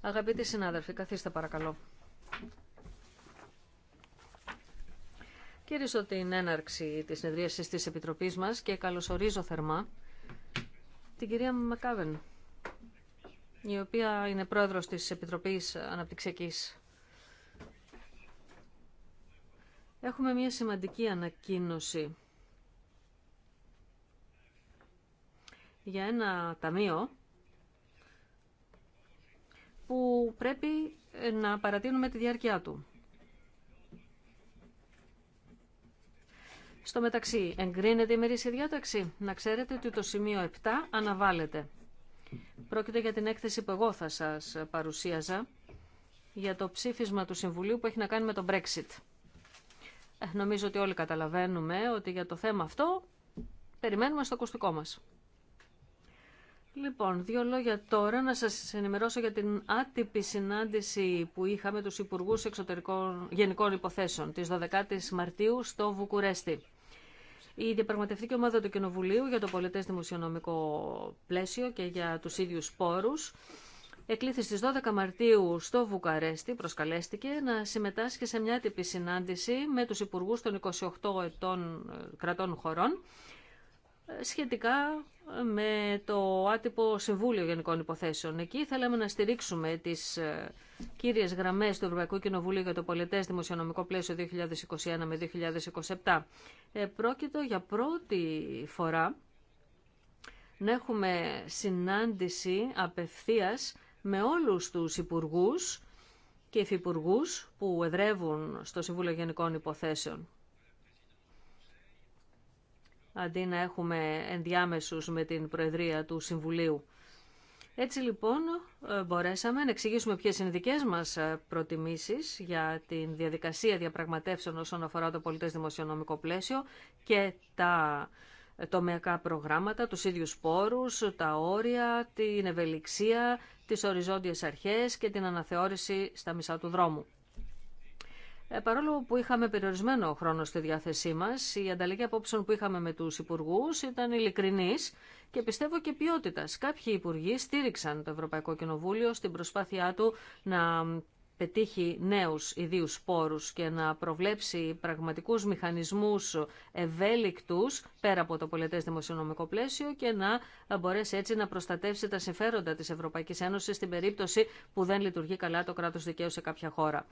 Αγαπητοί συνάδελφοι, καθίστε παρακαλώ. Κυρίσω την έναρξη της συνεδρίασης της Επιτροπής μας και καλωσορίζω θερμά την κυρία Μακάβεν, η οποία είναι πρόεδρος της Επιτροπής Αναπτυξιακής. Έχουμε μια σημαντική ανακοίνωση για ένα ταμείο που πρέπει ε, να παρατείνουμε τη διάρκεια του. Στο μεταξύ, εγκρίνεται η μερίσια διάταξη. Να ξέρετε ότι το σημείο 7 αναβάλλεται. Πρόκειται για την έκθεση που εγώ θα σας παρουσίαζα για το ψήφισμα του Συμβουλίου που έχει να κάνει με το Brexit. Ε, νομίζω ότι όλοι καταλαβαίνουμε ότι για το θέμα αυτό περιμένουμε στο ακουστικό μας. Λοιπόν, δύο λόγια τώρα να σας ενημερώσω για την άτυπη συνάντηση που είχαμε τους Υπουργούς Εξωτερικών Γενικών Υποθέσεων της 12ης Μαρτίου στο Βουκουρέστι. Η διαπραγματευτική ομάδα του Κοινοβουλίου για το πολιτές δημοσιονομικό πλαίσιο και για τους ίδιους πόρους εκλήθη στις 12 Μαρτίου στο Βουκαρέστι, προσκαλέστηκε να συμμετάσχει σε μια άτυπη συνάντηση με τους υπουργούς των 28 ετών ε, κρατών χωρών σχετικά με το άτυπο Συμβούλιο Γενικών Υποθέσεων. Εκεί θέλαμε να στηρίξουμε τις ε, κύριες γραμμές του Ευρωπαϊκού Κοινοβουλίου για το Πολιτέ δημοσιονομικό πλαίσιο 2021 με 2027. Ε, για πρώτη φορά να έχουμε συνάντηση απευθείας με όλους τους υπουργούς και υφυπουργούς που εδρεύουν στο Συμβούλιο Γενικών Υποθέσεων αντί να έχουμε ενδιάμεσους με την Προεδρία του Συμβουλίου. Έτσι λοιπόν ε, μπορέσαμε να εξηγήσουμε ποιες είναι δικές μας ε, προτιμήσεις για τη διαδικασία διαπραγματεύσεων όσον αφορά το πολιτές δημοσιονομικό πλαίσιο και τα ε, τομεακά προγράμματα, τους ίδιους πόρους, τα όρια, την ευελιξία, τις οριζόντιες αρχές και την αναθεώρηση στα μισά του δρόμου. Ε, παρόλο που είχαμε περιορισμένο χρόνο στη διάθεσή μα, η ανταλλαγή απόψεων που είχαμε με του υπουργού ήταν ειλικρινή και πιστεύω και ποιότητα. Κάποιοι υπουργοί στήριξαν το Ευρωπαϊκό Κοινοβούλιο στην προσπάθειά του να πετύχει νέους ιδίους πόρου και να προβλέψει πραγματικούς μηχανισμούς ευέλικτους πέρα από το πολιτές δημοσιονομικό πλαίσιο και να μπορέσει έτσι να προστατεύσει τα συμφέροντα της Ευρωπαϊκής Ένωσης στην περίπτωση που δεν λειτουργεί καλά το κράτος δικαίου σε κάποια χώρα.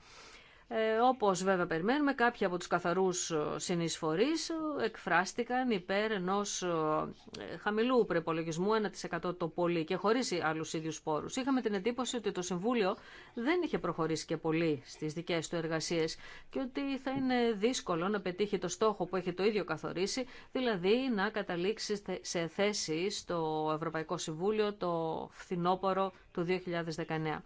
Ε, όπως βέβαια περιμένουμε, κάποιοι από τους καθαρούς ε, συνεισφορείς ε, εκφράστηκαν υπέρ ενός ε, χαμηλού προπολογισμού 1% το πολύ και χωρίς άλλους ίδιους πόρους. Είχαμε την εντύπωση ότι το Συμβούλιο δεν είχε προχωρήσει και πολύ στις δικές του εργασίες και ότι θα είναι δύσκολο να πετύχει το στόχο που έχει το ίδιο καθορίσει, δηλαδή να καταλήξει σε θέση στο Ευρωπαϊκό Συμβούλιο το φθινόπωρο του 2019.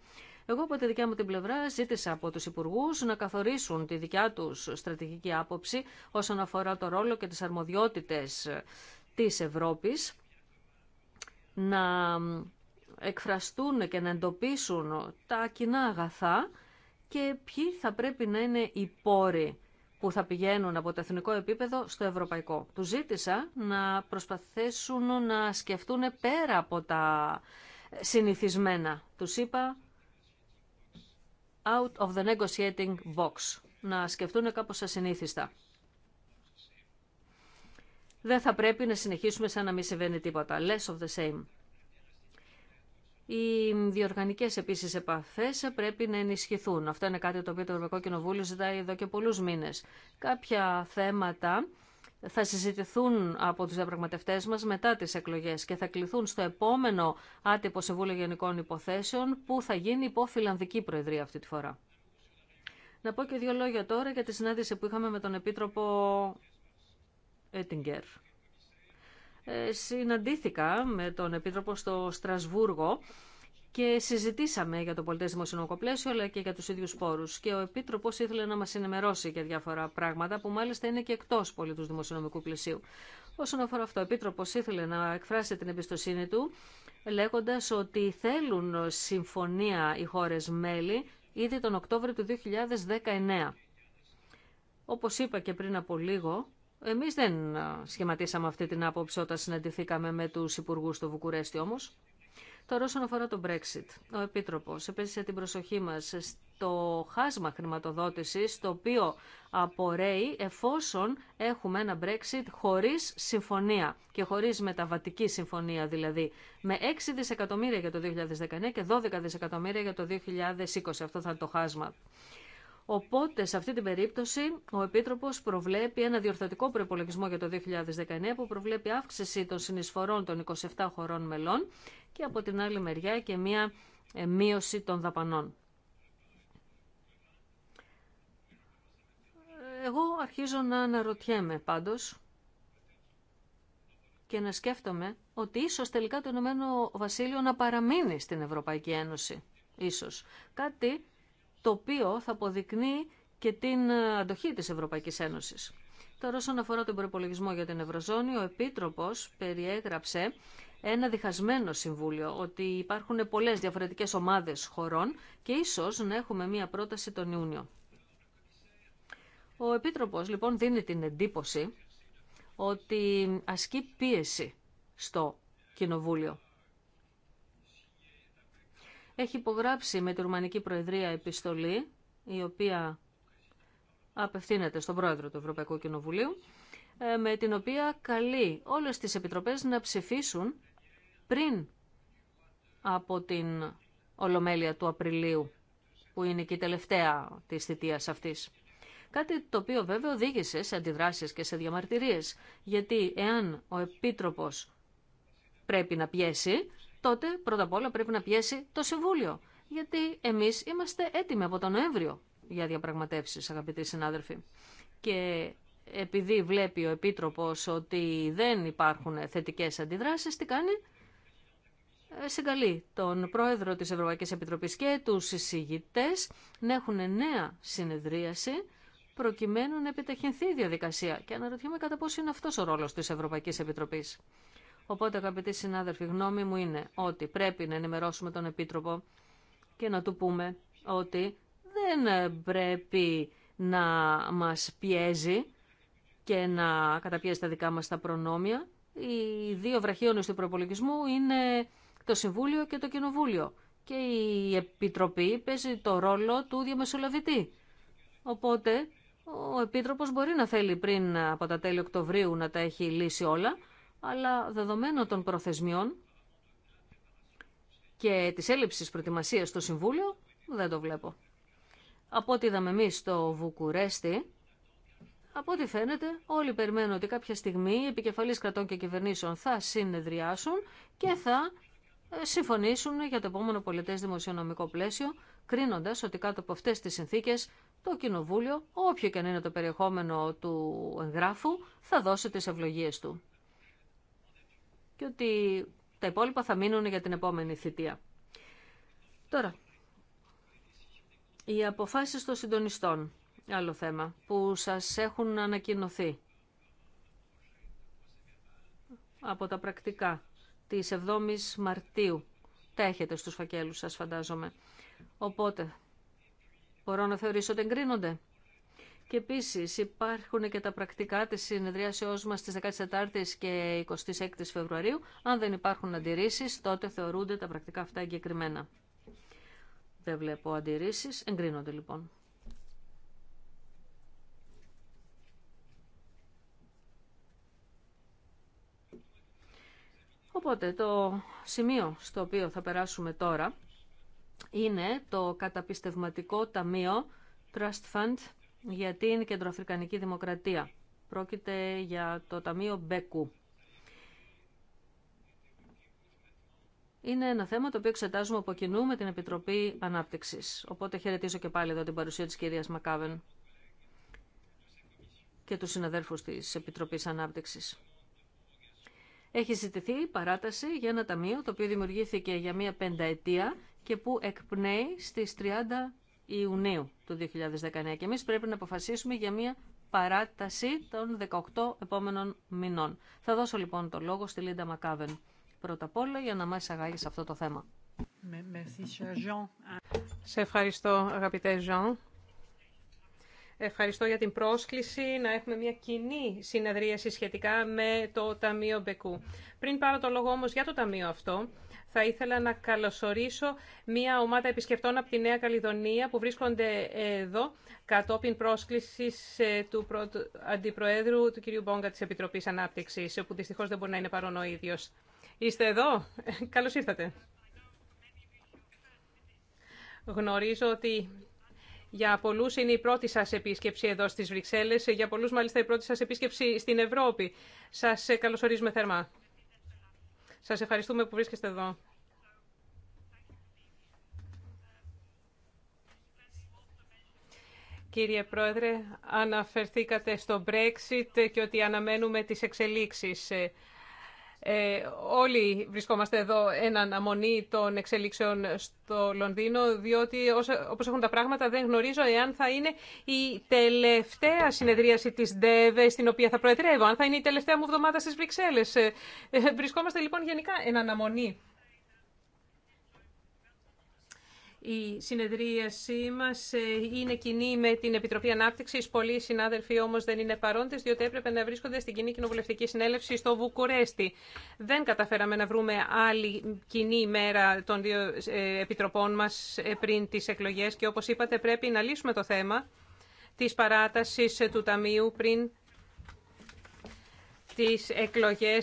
Εγώ από τη δικιά μου την πλευρά ζήτησα από τους Υπουργούς να καθορίσουν τη δικιά τους στρατηγική άποψη όσον αφορά το ρόλο και τις αρμοδιότητες της Ευρώπης να εκφραστούν και να εντοπίσουν τα κοινά αγαθά και ποιοι θα πρέπει να είναι οι πόροι που θα πηγαίνουν από το εθνικό επίπεδο στο ευρωπαϊκό. Του ζήτησα να προσπαθήσουν να σκεφτούν πέρα από τα συνηθισμένα. Τους είπα out of the negotiating box. Να σκεφτούν κάπως ασυνήθιστα. Δεν θα πρέπει να συνεχίσουμε σαν να μην συμβαίνει τίποτα. Less of the same. Οι διοργανικές επίσης επαφές πρέπει να ενισχυθούν. Αυτό είναι κάτι το οποίο το Ευρωπαϊκό Κοινοβούλιο ζητάει εδώ και πολλού μήνε. Κάποια θέματα θα συζητηθούν από τους διαπραγματευτέ μας μετά τις εκλογές και θα κληθούν στο επόμενο άτυπο Συμβούλιο Γενικών Υποθέσεων που θα γίνει υπό Φιλανδική Προεδρία αυτή τη φορά. Να πω και δύο λόγια τώρα για τη συνάντηση που είχαμε με τον Επίτροπο Έτιγκερ. Συναντήθηκα με τον Επίτροπο στο Στρασβούργο και συζητήσαμε για το πολιτέ δημοσιονομικό πλαίσιο αλλά και για του ίδιου πόρου, Και ο επίτροπο ήθελε να μα ενημερώσει για διάφορα πράγματα που μάλιστα είναι και εκτό πολιτού δημοσιονομικού πλαισίου. Όσον αφορά αυτό, ο επίτροπο ήθελε να εκφράσει την εμπιστοσύνη του λέγοντα ότι θέλουν συμφωνία οι χώρε μέλη ήδη τον Οκτώβριο του 2019. Όπω είπα και πριν από λίγο, εμεί δεν σχηματίσαμε αυτή την άποψη όταν συναντηθήκαμε με του υπουργού στο Βουκουρέστι όμω. Τώρα όσον αφορά το Brexit, ο Επίτροπος επέστησε την προσοχή μας στο χάσμα χρηματοδότησης το οποίο απορρέει εφόσον έχουμε ένα Brexit χωρίς συμφωνία και χωρίς μεταβατική συμφωνία δηλαδή με 6 δισεκατομμύρια για το 2019 και 12 δισεκατομμύρια για το 2020. Αυτό θα είναι το χάσμα. Οπότε σε αυτή την περίπτωση ο Επίτροπος προβλέπει ένα διορθωτικό προπολογισμό για το 2019 που προβλέπει αύξηση των συνεισφορών των 27 χωρών μελών και από την άλλη μεριά και μία ε, μείωση των δαπανών. Εγώ αρχίζω να αναρωτιέμαι πάντως και να σκέφτομαι ότι ίσως τελικά το Ηνωμένο Βασίλειο να παραμείνει στην Ευρωπαϊκή Ένωση. Ίσως. Κάτι το οποίο θα αποδεικνύει και την ε, αντοχή της Ευρωπαϊκής Ένωσης. Τώρα όσον αφορά τον προπολογισμό για την Ευρωζώνη, ο Επίτροπος περιέγραψε ένα διχασμένο συμβούλιο, ότι υπάρχουν πολλές διαφορετικές ομάδες χωρών και ίσως να έχουμε μία πρόταση τον Ιούνιο. Ο Επίτροπος λοιπόν δίνει την εντύπωση ότι ασκεί πίεση στο Κοινοβούλιο έχει υπογράψει με τη Ρουμανική Προεδρία επιστολή, η οποία απευθύνεται στον Πρόεδρο του Ευρωπαϊκού Κοινοβουλίου, ε, με την οποία καλεί όλες τις επιτροπές να ψηφίσουν πριν από την Ολομέλεια του Απριλίου, που είναι και η τελευταία της θητείας αυτής. Κάτι το οποίο βέβαια οδήγησε σε αντιδράσεις και σε διαμαρτυρίες, γιατί εάν ο Επίτροπος πρέπει να πιέσει, τότε πρώτα απ' όλα πρέπει να πιέσει το Συμβούλιο. Γιατί εμεί είμαστε έτοιμοι από τον Νοέμβριο για διαπραγματεύσει, αγαπητοί συνάδελφοι. Και επειδή βλέπει ο επίτροπο ότι δεν υπάρχουν θετικέ αντιδράσει, τι κάνει? Ε, συγκαλεί τον Πρόεδρο της Ευρωπαϊκής Επιτροπής και τους εισηγητές να έχουν νέα συνεδρίαση προκειμένου να επιταχυνθεί η διαδικασία. Και αναρωτιέμαι κατά πόσο είναι αυτός ο ρόλος της Ευρωπαϊκής Επιτροπής. Οπότε, αγαπητοί συνάδελφοι, γνώμη μου είναι ότι πρέπει να ενημερώσουμε τον Επίτροπο και να του πούμε ότι δεν πρέπει να μας πιέζει και να καταπιέζει τα δικά μας τα προνόμια. Οι δύο βραχίονες του προπολογισμού είναι το Συμβούλιο και το Κοινοβούλιο. Και η Επιτροπή παίζει το ρόλο του διαμεσολαβητή. Οπότε ο Επίτροπος μπορεί να θέλει πριν από τα τέλη Οκτωβρίου να τα έχει λύσει όλα, αλλά δεδομένο των προθεσμιών και της έλλειψης προετοιμασίας στο Συμβούλιο, δεν το βλέπω. Από ό,τι είδαμε εμεί στο Βουκουρέστι, από ό,τι φαίνεται, όλοι περιμένουν ότι κάποια στιγμή οι επικεφαλείς κρατών και κυβερνήσεων θα συνεδριάσουν και θα ε, συμφωνήσουν για το επόμενο πολιτές δημοσιονομικό πλαίσιο, κρίνοντας ότι κάτω από αυτές τις συνθήκες το Κοινοβούλιο, όποιο και αν είναι το περιεχόμενο του εγγράφου, θα δώσει τις ευλογίες του και ότι τα υπόλοιπα θα μείνουν για την επόμενη θητεία. Τώρα, οι αποφάσεις των συντονιστών, άλλο θέμα, που σας έχουν ανακοινωθεί από τα πρακτικά της 7ης Μαρτίου. Τα έχετε στους φακέλους σας φαντάζομαι. Οπότε, μπορώ να θεωρήσω ότι εγκρίνονται. Και επίση υπάρχουν και τα πρακτικά τη συνεδριάσεώ μα τη 14η και 26η Φεβρουαρίου. Αν δεν υπάρχουν αντιρρήσει, τότε θεωρούνται τα πρακτικά αυτά εγκεκριμένα. Δεν βλέπω αντιρρήσει. Εγκρίνονται λοιπόν. Οπότε το σημείο στο οποίο θα περάσουμε τώρα είναι το καταπιστευματικό ταμείο Trust Fund για την Κεντροαφρικανική Δημοκρατία. Πρόκειται για το Ταμείο Μπέκου. Είναι ένα θέμα το οποίο εξετάζουμε από κοινού με την Επιτροπή Ανάπτυξης. Οπότε χαιρετίζω και πάλι εδώ την παρουσία της κυρίας Μακάβεν και του συναδέλφους της Επιτροπής ανάπτυξη. Έχει ζητηθεί παράταση για ένα ταμείο το οποίο δημιουργήθηκε για μία πενταετία και που εκπνέει στι 30 Ιουνίου του 2019 και εμείς πρέπει να αποφασίσουμε για μια παράταση των 18 επόμενων μηνών. Θα δώσω λοιπόν το λόγο στη Λίντα Μακάβεν πρώτα απ' όλα για να μας εισαγάγει σε αυτό το θέμα. Σε ευχαριστώ αγαπητέ Ζαν. Ευχαριστώ για την πρόσκληση να έχουμε μια κοινή συνεδρίαση σχετικά με το Ταμείο Μπεκού. Πριν πάρω το λόγο όμως για το Ταμείο αυτό, θα ήθελα να καλωσορίσω μία ομάδα επισκεπτών από τη Νέα Καλλιδονία που βρίσκονται εδώ κατόπιν πρόσκληση ε, του Αντιπροέδρου του κ. Μπόγκα της Επιτροπής ανάπτυξη, που δυστυχώ δεν μπορεί να είναι παρόν ο ίδιο. Είστε εδώ. Καλώς ήρθατε. Γνωρίζω ότι για πολλού είναι η πρώτη σα επίσκεψη εδώ στι Βρυξέλλε, για πολλού μάλιστα η πρώτη σα επίσκεψη στην Ευρώπη. Σα ε, καλωσορίζουμε θερμά. Σας ευχαριστούμε που βρίσκεστε εδώ. Κύριε Πρόεδρε, αναφερθήκατε στο Brexit και ότι αναμένουμε τις εξελίξεις. Ε, όλοι βρισκόμαστε εδώ εν αναμονή των εξελίξεων στο Λονδίνο, διότι όπως έχουν τα πράγματα δεν γνωρίζω εάν θα είναι η τελευταία συνεδρίαση της ΔΕΒΕ στην οποία θα προεδρεύω, αν θα είναι η τελευταία μου εβδομάδα στις Βρυξέλλες. Ε, ε, βρισκόμαστε λοιπόν γενικά εν αναμονή Η συνεδρίασή μα ε, είναι κοινή με την Επιτροπή Ανάπτυξης. Πολλοί συνάδελφοι όμω δεν είναι παρόντες, διότι έπρεπε να βρίσκονται στην κοινή κοινοβουλευτική συνέλευση στο Βουκουρέστι. Δεν καταφέραμε να βρούμε άλλη κοινή ημέρα των δύο ε, επιτροπών μα ε, πριν τι εκλογέ και όπω είπατε πρέπει να λύσουμε το θέμα τη παράταση του Ταμείου πριν τι εκλογέ,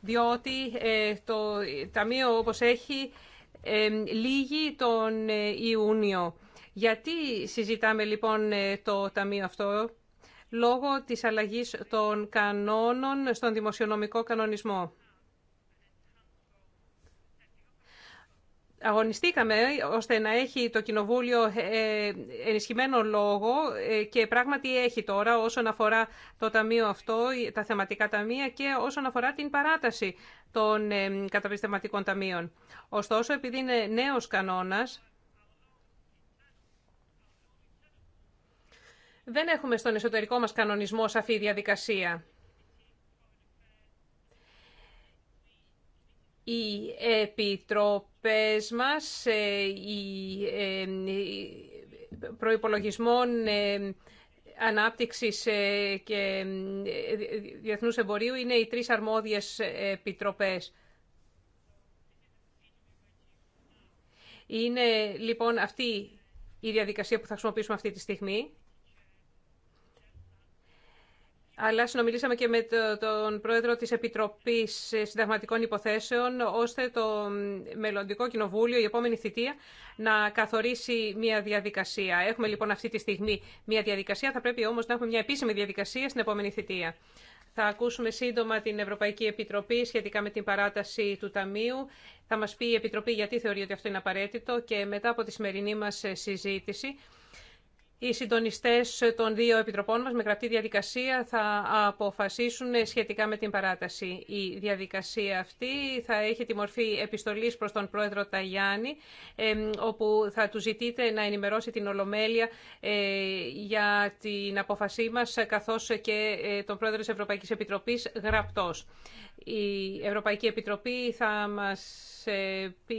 διότι το Ταμείο όπως έχει λίγη τον ε, Ιούνιο. Γιατί συζητάμε λοιπόν ε, το Ταμείο αυτό λόγω της αλλαγής των κανόνων στον δημοσιονομικό κανονισμό. αγωνιστήκαμε ώστε να έχει το Κοινοβούλιο ε, ενισχυμένο λόγο ε, και πράγματι έχει τώρα όσον αφορά το Ταμείο αυτό, τα θεματικά ταμεία και όσον αφορά την παράταση των ε, καταπιστευματικών ταμείων. Ωστόσο, επειδή είναι νέος κανόνας, δεν έχουμε στον εσωτερικό μας κανονισμό σαφή διαδικασία. Η Επιτροπή επιτροπές μας ε, ε, προϋπολογισμών ε, ανάπτυξης και διεθνούς εμπορίου είναι οι τρεις αρμόδιες επιτροπές. Είναι λοιπόν αυτή η διαδικασία που θα χρησιμοποιήσουμε αυτή τη στιγμή αλλά συνομιλήσαμε και με τον πρόεδρο της Επιτροπής Συνταγματικών Υποθέσεων, ώστε το μελλοντικό κοινοβούλιο, η επόμενη θητεία, να καθορίσει μια διαδικασία. Έχουμε λοιπόν αυτή τη στιγμή μια διαδικασία, θα πρέπει όμως να έχουμε μια επίσημη διαδικασία στην επόμενη θητεία. Θα ακούσουμε σύντομα την Ευρωπαϊκή Επιτροπή σχετικά με την παράταση του Ταμείου. Θα μας πει η Επιτροπή γιατί θεωρεί ότι αυτό είναι απαραίτητο και μετά από τη σημερινή μας συζήτηση οι συντονιστέ των δύο επιτροπών μας με γραπτή διαδικασία θα αποφασίσουν σχετικά με την παράταση. Η διαδικασία αυτή θα έχει τη μορφή επιστολή προς τον πρόεδρο Ταγιάννη, όπου θα του ζητείτε να ενημερώσει την Ολομέλεια ε, για την αποφασή μας, καθώς και ε, τον πρόεδρο τη Ευρωπαϊκής Επιτροπής γραπτό. Η Ευρωπαϊκή Επιτροπή θα μας ε, πει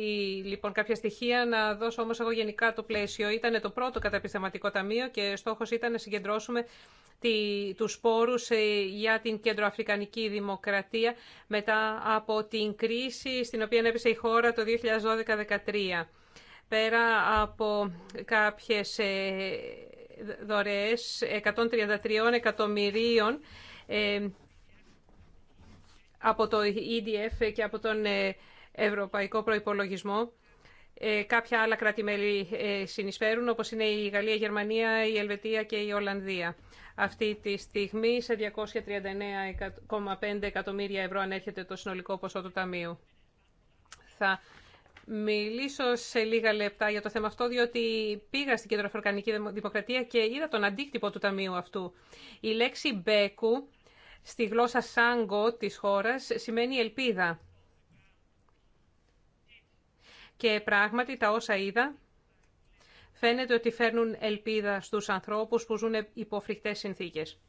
λοιπόν κάποια στοιχεία, να δώσω όμως εγώ γενικά το πλαίσιο. Ήταν το πρώτο καταπιστευματικό ταμείο και στόχος ήταν να συγκεντρώσουμε τη, τους πόρους ε, για την κεντροαφρικανική δημοκρατία μετά από την κρίση στην οποία έπεσε η χώρα το 2012-2013. Πέρα από κάποιες ε, δωρεές 133 εκατομμυρίων από το EDF και από τον ε, Ευρωπαϊκό Προϋπολογισμό. Ε, κάποια άλλα κράτη-μέλη ε, συνεισφέρουν, όπως είναι η Γαλλία, η Γερμανία, η Ελβετία και η Ολλανδία. Αυτή τη στιγμή σε 239,5 εκατομμύρια ευρώ ανέρχεται το συνολικό ποσό του Ταμείου. Θα μιλήσω σε λίγα λεπτά για το θέμα αυτό, διότι πήγα στην Κεντροαφρικανική Δημοκρατία και είδα τον αντίκτυπο του Ταμείου αυτού. Η λέξη «μπέκου» στη γλώσσα σάγκο της χώρας σημαίνει ελπίδα. Και πράγματι τα όσα είδα φαίνεται ότι φέρνουν ελπίδα στους ανθρώπους που ζουν υπό φρικτές συνθήκες.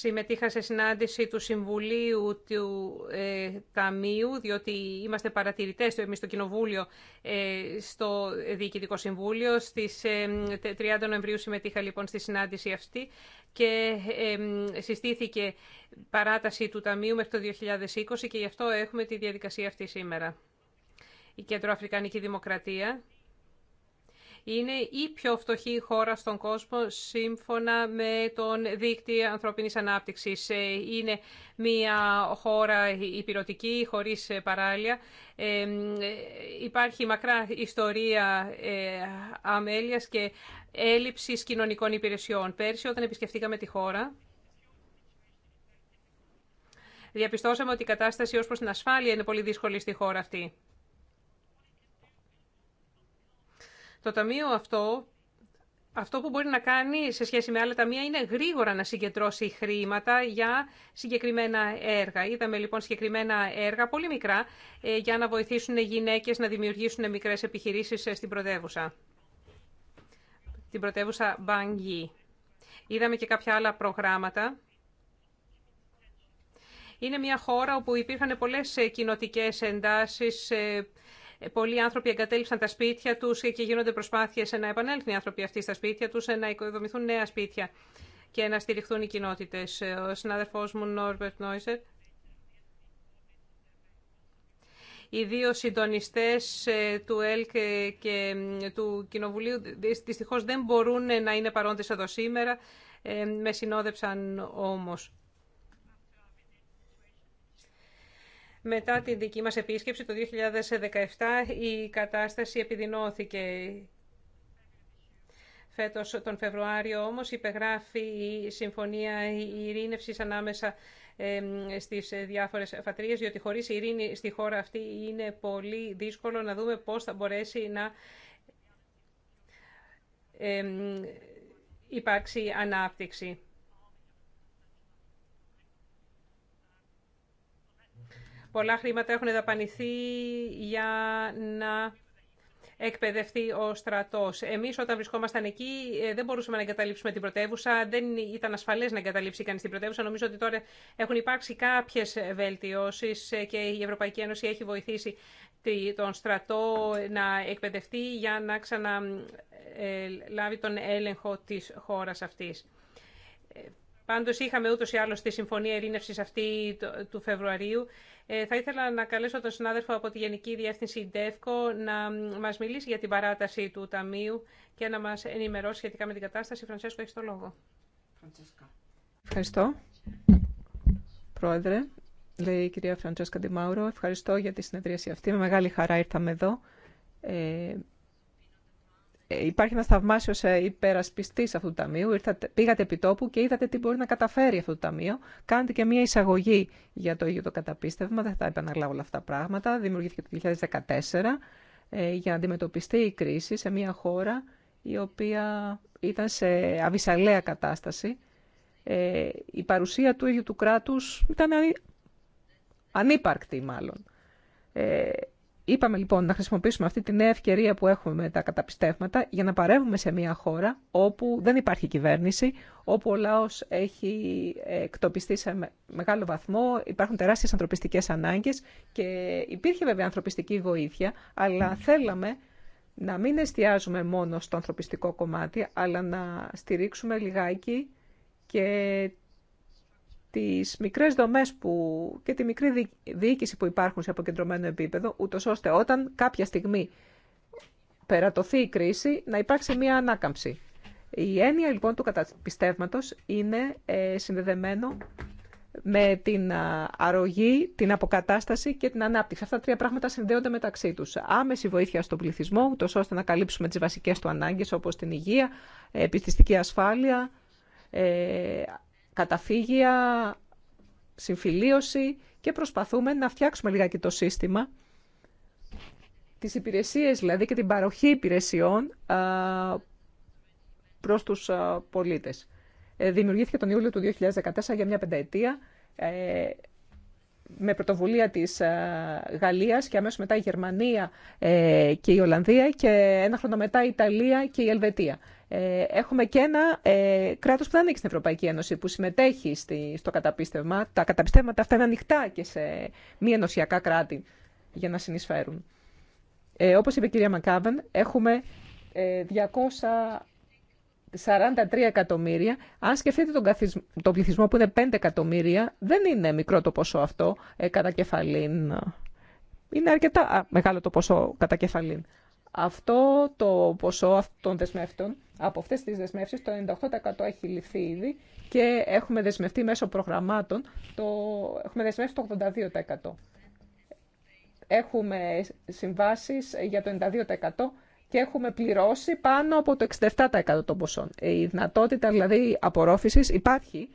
Συμμετείχα σε συνάντηση του Συμβουλίου του ε, Ταμείου, διότι είμαστε παρατηρητές εμείς στο Κοινοβούλιο, ε, στο Διοικητικό Συμβούλιο. Στις 30 ε, Νοεμβρίου συμμετείχα λοιπόν στη συνάντηση αυτή και συστήθηκε παράταση του Ταμείου μέχρι το 2020 και γι' αυτό έχουμε τη διαδικασία αυτή σήμερα. Η Κέντρο Αφρικανική Δημοκρατία είναι η πιο φτωχή χώρα στον κόσμο σύμφωνα με τον δίκτυο ανθρώπινης ανάπτυξης. Ε, είναι μια χώρα υπηρετική, χωρίς παράλια. Ε, υπάρχει μακρά ιστορία ε, αμέλειας και έλλειψης κοινωνικών υπηρεσιών. Πέρσι, όταν επισκεφτήκαμε τη χώρα, διαπιστώσαμε ότι η κατάσταση ως προς την ασφάλεια είναι πολύ δύσκολη στη χώρα αυτή. Το ταμείο αυτό, αυτό που μπορεί να κάνει σε σχέση με άλλα ταμεία είναι γρήγορα να συγκεντρώσει χρήματα για συγκεκριμένα έργα. Είδαμε λοιπόν συγκεκριμένα έργα, πολύ μικρά, ε, για να βοηθήσουν γυναίκες να δημιουργήσουν μικρές επιχειρήσεις ε, στην πρωτεύουσα. Την πρωτεύουσα Μπανγκή. Είδαμε και κάποια άλλα προγράμματα. Είναι μια χώρα όπου υπήρχαν πολλές ε, κοινοτικές εντάσεις ε, πολλοί άνθρωποι εγκατέλειψαν τα σπίτια τους και γίνονται προσπάθειες να επανέλθουν οι άνθρωποι αυτοί στα σπίτια τους, ε, να οικοδομηθούν νέα σπίτια και να στηριχθούν οι κοινότητες. Ε, ο συνάδελφός μου Νόρβερτ Νόιζερ. Οι δύο συντονιστές του ΕΛΚ και του Κοινοβουλίου δυστυχώ δεν μπορούν να είναι παρόντες εδώ σήμερα. Με συνόδεψαν όμως. Μετά την δική μας επίσκεψη το 2017 η κατάσταση επιδεινώθηκε. Φέτος τον Φεβρουάριο όμως υπεγράφει η Συμφωνία Ειρήνευσης ανάμεσα στις διάφορες φατρίες, διότι χωρίς ειρήνη στη χώρα αυτή είναι πολύ δύσκολο να δούμε πώς θα μπορέσει να υπάρξει ανάπτυξη. Πολλά χρήματα έχουν δαπανηθεί για να εκπαιδευτεί ο στρατό. Εμεί, όταν βρισκόμασταν εκεί, ε, δεν μπορούσαμε να εγκαταλείψουμε την πρωτεύουσα. Δεν ήταν ασφαλέ να εγκαταλείψει κανεί την πρωτεύουσα. Νομίζω ότι τώρα έχουν υπάρξει κάποιε βελτιώσει ε, και η Ευρωπαϊκή Ένωση έχει βοηθήσει τον στρατό να εκπαιδευτεί για να ξαναλάβει ε, τον έλεγχο της χώρας αυτής. Πάντως είχαμε ούτως ή άλλως τη Συμφωνία Ειρήνευσης αυτή του Φεβρουαρίου ε, θα ήθελα να καλέσω τον συνάδελφο από τη Γενική Διεύθυνση ΔΕΦΚΟ να μας μιλήσει για την παράταση του Ταμείου και να μας ενημερώσει σχετικά με την κατάσταση. Φρανσέσκο, έχει το λόγο. Ευχαριστώ. Πρόεδρε, λέει η κυρία Φραντσέσκα Ντιμάουρο, ευχαριστώ για τη συνεδρίαση αυτή. Με μεγάλη χαρά ήρθαμε εδώ. Ε, υπάρχει ένα θαυμάσιος ε, υπερασπιστής αυτού του ταμείου. Ήρθατε, πήγατε επί τόπου και είδατε τι μπορεί να καταφέρει αυτό το ταμείο. Κάνετε και μία εισαγωγή για το ίδιο το καταπίστευμα. Δεν θα επαναλάβω όλα αυτά τα πράγματα. Δημιουργήθηκε το 2014 ε, για να αντιμετωπιστεί η κρίση σε μια χώρα η οποία ήταν σε αβυσαλαία κατάσταση. Ε, η παρουσία του ίδιου του κράτους ήταν ανύπαρκτη μάλλον. Είπαμε λοιπόν να χρησιμοποιήσουμε αυτή τη νέα ευκαιρία που έχουμε με τα καταπιστεύματα για να παρεύουμε σε μια χώρα όπου δεν υπάρχει κυβέρνηση, όπου ο λαός έχει εκτοπιστεί σε μεγάλο βαθμό, υπάρχουν τεράστιες ανθρωπιστικές ανάγκες και υπήρχε βέβαια ανθρωπιστική βοήθεια, αλλά θέλαμε να μην εστιάζουμε μόνο στο ανθρωπιστικό κομμάτι, αλλά να στηρίξουμε λιγάκι και τις μικρές δομές που, και τη μικρή διοίκηση που υπάρχουν σε αποκεντρωμένο επίπεδο, ούτως ώστε όταν κάποια στιγμή περατωθεί η κρίση να υπάρξει μια ανάκαμψη. Η έννοια λοιπόν του καταπιστεύματος είναι ε, συνδεδεμένο με την αρρωγή, την αποκατάσταση και την ανάπτυξη. Αυτά τα τρία πράγματα συνδέονται μεταξύ τους. Άμεση βοήθεια στον πληθυσμό, ούτως ώστε να καλύψουμε τις βασικές του ανάγκες όπως την υγεία, ε, επιστηστική ασφάλεια, ε, καταφύγια, συμφιλίωση και προσπαθούμε να φτιάξουμε λιγάκι το σύστημα, τις υπηρεσίες δηλαδή και την παροχή υπηρεσιών προς τους πολίτες. Ε, δημιουργήθηκε τον Ιούλιο του 2014 για μια πενταετία ε, με πρωτοβουλία της ε, Γαλλίας και αμέσως μετά η Γερμανία ε, και η Ολλανδία και ένα χρόνο μετά η Ιταλία και η Ελβετία. Ε, έχουμε και ένα κράτος που δεν ανήκει στην Ευρωπαϊκή Ένωση, που συμμετέχει στο καταπίστευμα. Τα καταπιστεύματα αυτά είναι ανοιχτά και σε μη ενωσιακά κράτη για να συνεισφέρουν. Όπως είπε η κυρία Μακάβεν, έχουμε 200 43 εκατομμύρια. Αν σκεφτείτε τον, τον πληθυσμό που είναι 5 εκατομμύρια, δεν είναι μικρό το ποσό αυτό ε, κατά κεφαλήν. Είναι αρκετά μεγάλο το ποσό κατά κεφαλήν. Αυτό το ποσό των δεσμεύτων, από αυτές τις δεσμεύσεις, το 98% έχει ληφθεί ήδη και έχουμε δεσμευτεί μέσω προγραμμάτων, το, έχουμε δεσμεύσει το 82%. Έχουμε συμβάσεις για το 92% και έχουμε πληρώσει πάνω από το 67% των ποσών. Ε, η δυνατότητα δηλαδή απορρόφησης υπάρχει.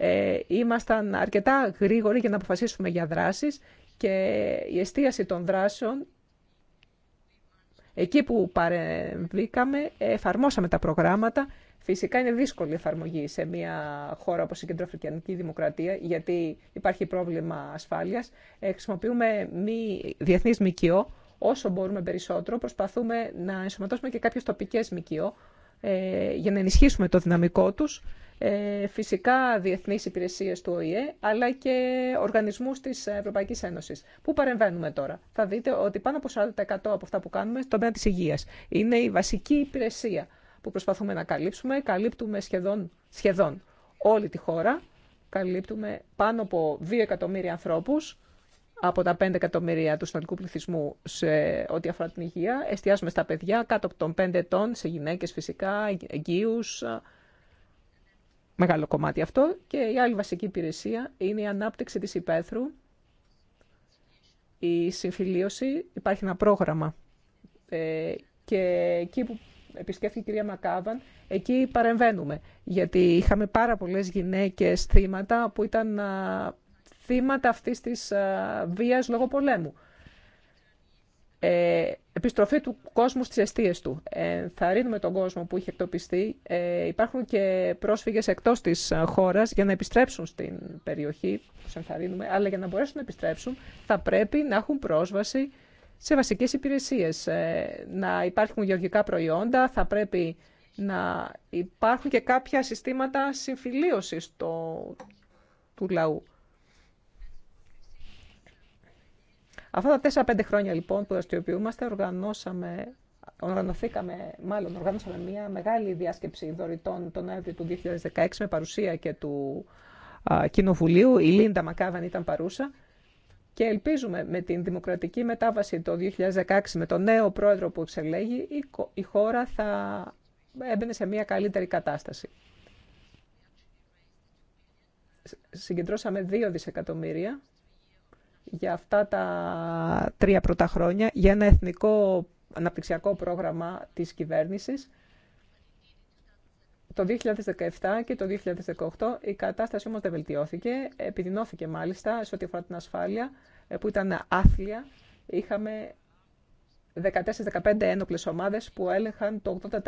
Ε, ήμασταν αρκετά γρήγοροι για να αποφασίσουμε για δράσεις και η εστίαση των δράσεων, εκεί που παρεμβήκαμε, εφαρμόσαμε τα προγράμματα. Φυσικά είναι δύσκολη η εφαρμογή σε μια χώρα όπως η Κεντροαφρικανική Δημοκρατία, γιατί υπάρχει πρόβλημα ασφάλειας. Ε, χρησιμοποιούμε μη, διεθνής όσο μπορούμε περισσότερο, προσπαθούμε να ενσωματώσουμε και κάποιες τοπικές ΜΚΟ ε, για να ενισχύσουμε το δυναμικό τους, ε, φυσικά διεθνείς υπηρεσίες του ΟΗΕ, αλλά και οργανισμούς της Ευρωπαϊκής Ένωσης. Πού παρεμβαίνουμε τώρα. Θα δείτε ότι πάνω από 40% από αυτά που κάνουμε στον τομέα της υγείας. Είναι η βασική υπηρεσία που προσπαθούμε να καλύψουμε. Καλύπτουμε σχεδόν, σχεδόν όλη τη χώρα. Καλύπτουμε πάνω από 2 εκατομμύρια ανθρώπους από τα 5 εκατομμύρια του συνολικού πληθυσμού σε ό,τι αφορά την υγεία. Εστιάζουμε στα παιδιά κάτω από των 5 ετών, σε γυναίκες φυσικά, εγγύους, μεγάλο κομμάτι αυτό. Και η άλλη βασική υπηρεσία είναι η ανάπτυξη της υπαίθρου, η συμφιλίωση. Υπάρχει ένα πρόγραμμα ε, και εκεί που επισκέφθηκε η κυρία Μακάβαν, εκεί παρεμβαίνουμε. Γιατί είχαμε πάρα πολλές γυναίκες θύματα που ήταν θύματα αυτής της ε, βίας λόγω πολέμου. Ε, επιστροφή του κόσμου στις αιστείες του. Ε, θα τον κόσμο που είχε εκτοπιστεί. Ε, υπάρχουν και πρόσφυγες εκτός της χώρας για να επιστρέψουν στην περιοχή, αλλά για να μπορέσουν να επιστρέψουν θα πρέπει να έχουν πρόσβαση σε βασικές υπηρεσίες. να υπάρχουν γεωργικά προϊόντα, θα πρέπει να υπάρχουν και κάποια συστήματα συμφιλίωσης το, του λαού. Αυτά τα 4-5 χρόνια λοιπόν που δραστηριοποιούμαστε, οργανώσαμε, οργανωθήκαμε, μάλλον οργανώσαμε μια μεγάλη διάσκεψη δωρητών τον Νοέμβριο του 2016 με παρουσία και του Κοινοβουλίου. Η Λίντα Μακάβαν ήταν παρούσα. Και ελπίζουμε με την δημοκρατική μετάβαση το 2016, με τον νέο πρόεδρο που εξελέγει, η χώρα θα έμπαινε σε μια καλύτερη κατάσταση. Συγκεντρώσαμε 2 δισεκατομμύρια για αυτά τα τρία πρώτα χρόνια για ένα εθνικό αναπτυξιακό πρόγραμμα της κυβέρνησης. Το 2017 και το 2018 η κατάσταση όμως δεν βελτιώθηκε, επιδεινώθηκε μάλιστα σε ό,τι αφορά την ασφάλεια ε, που ήταν άθλια. Είχαμε 14-15 ένοπλες ομάδες που έλεγχαν το 80%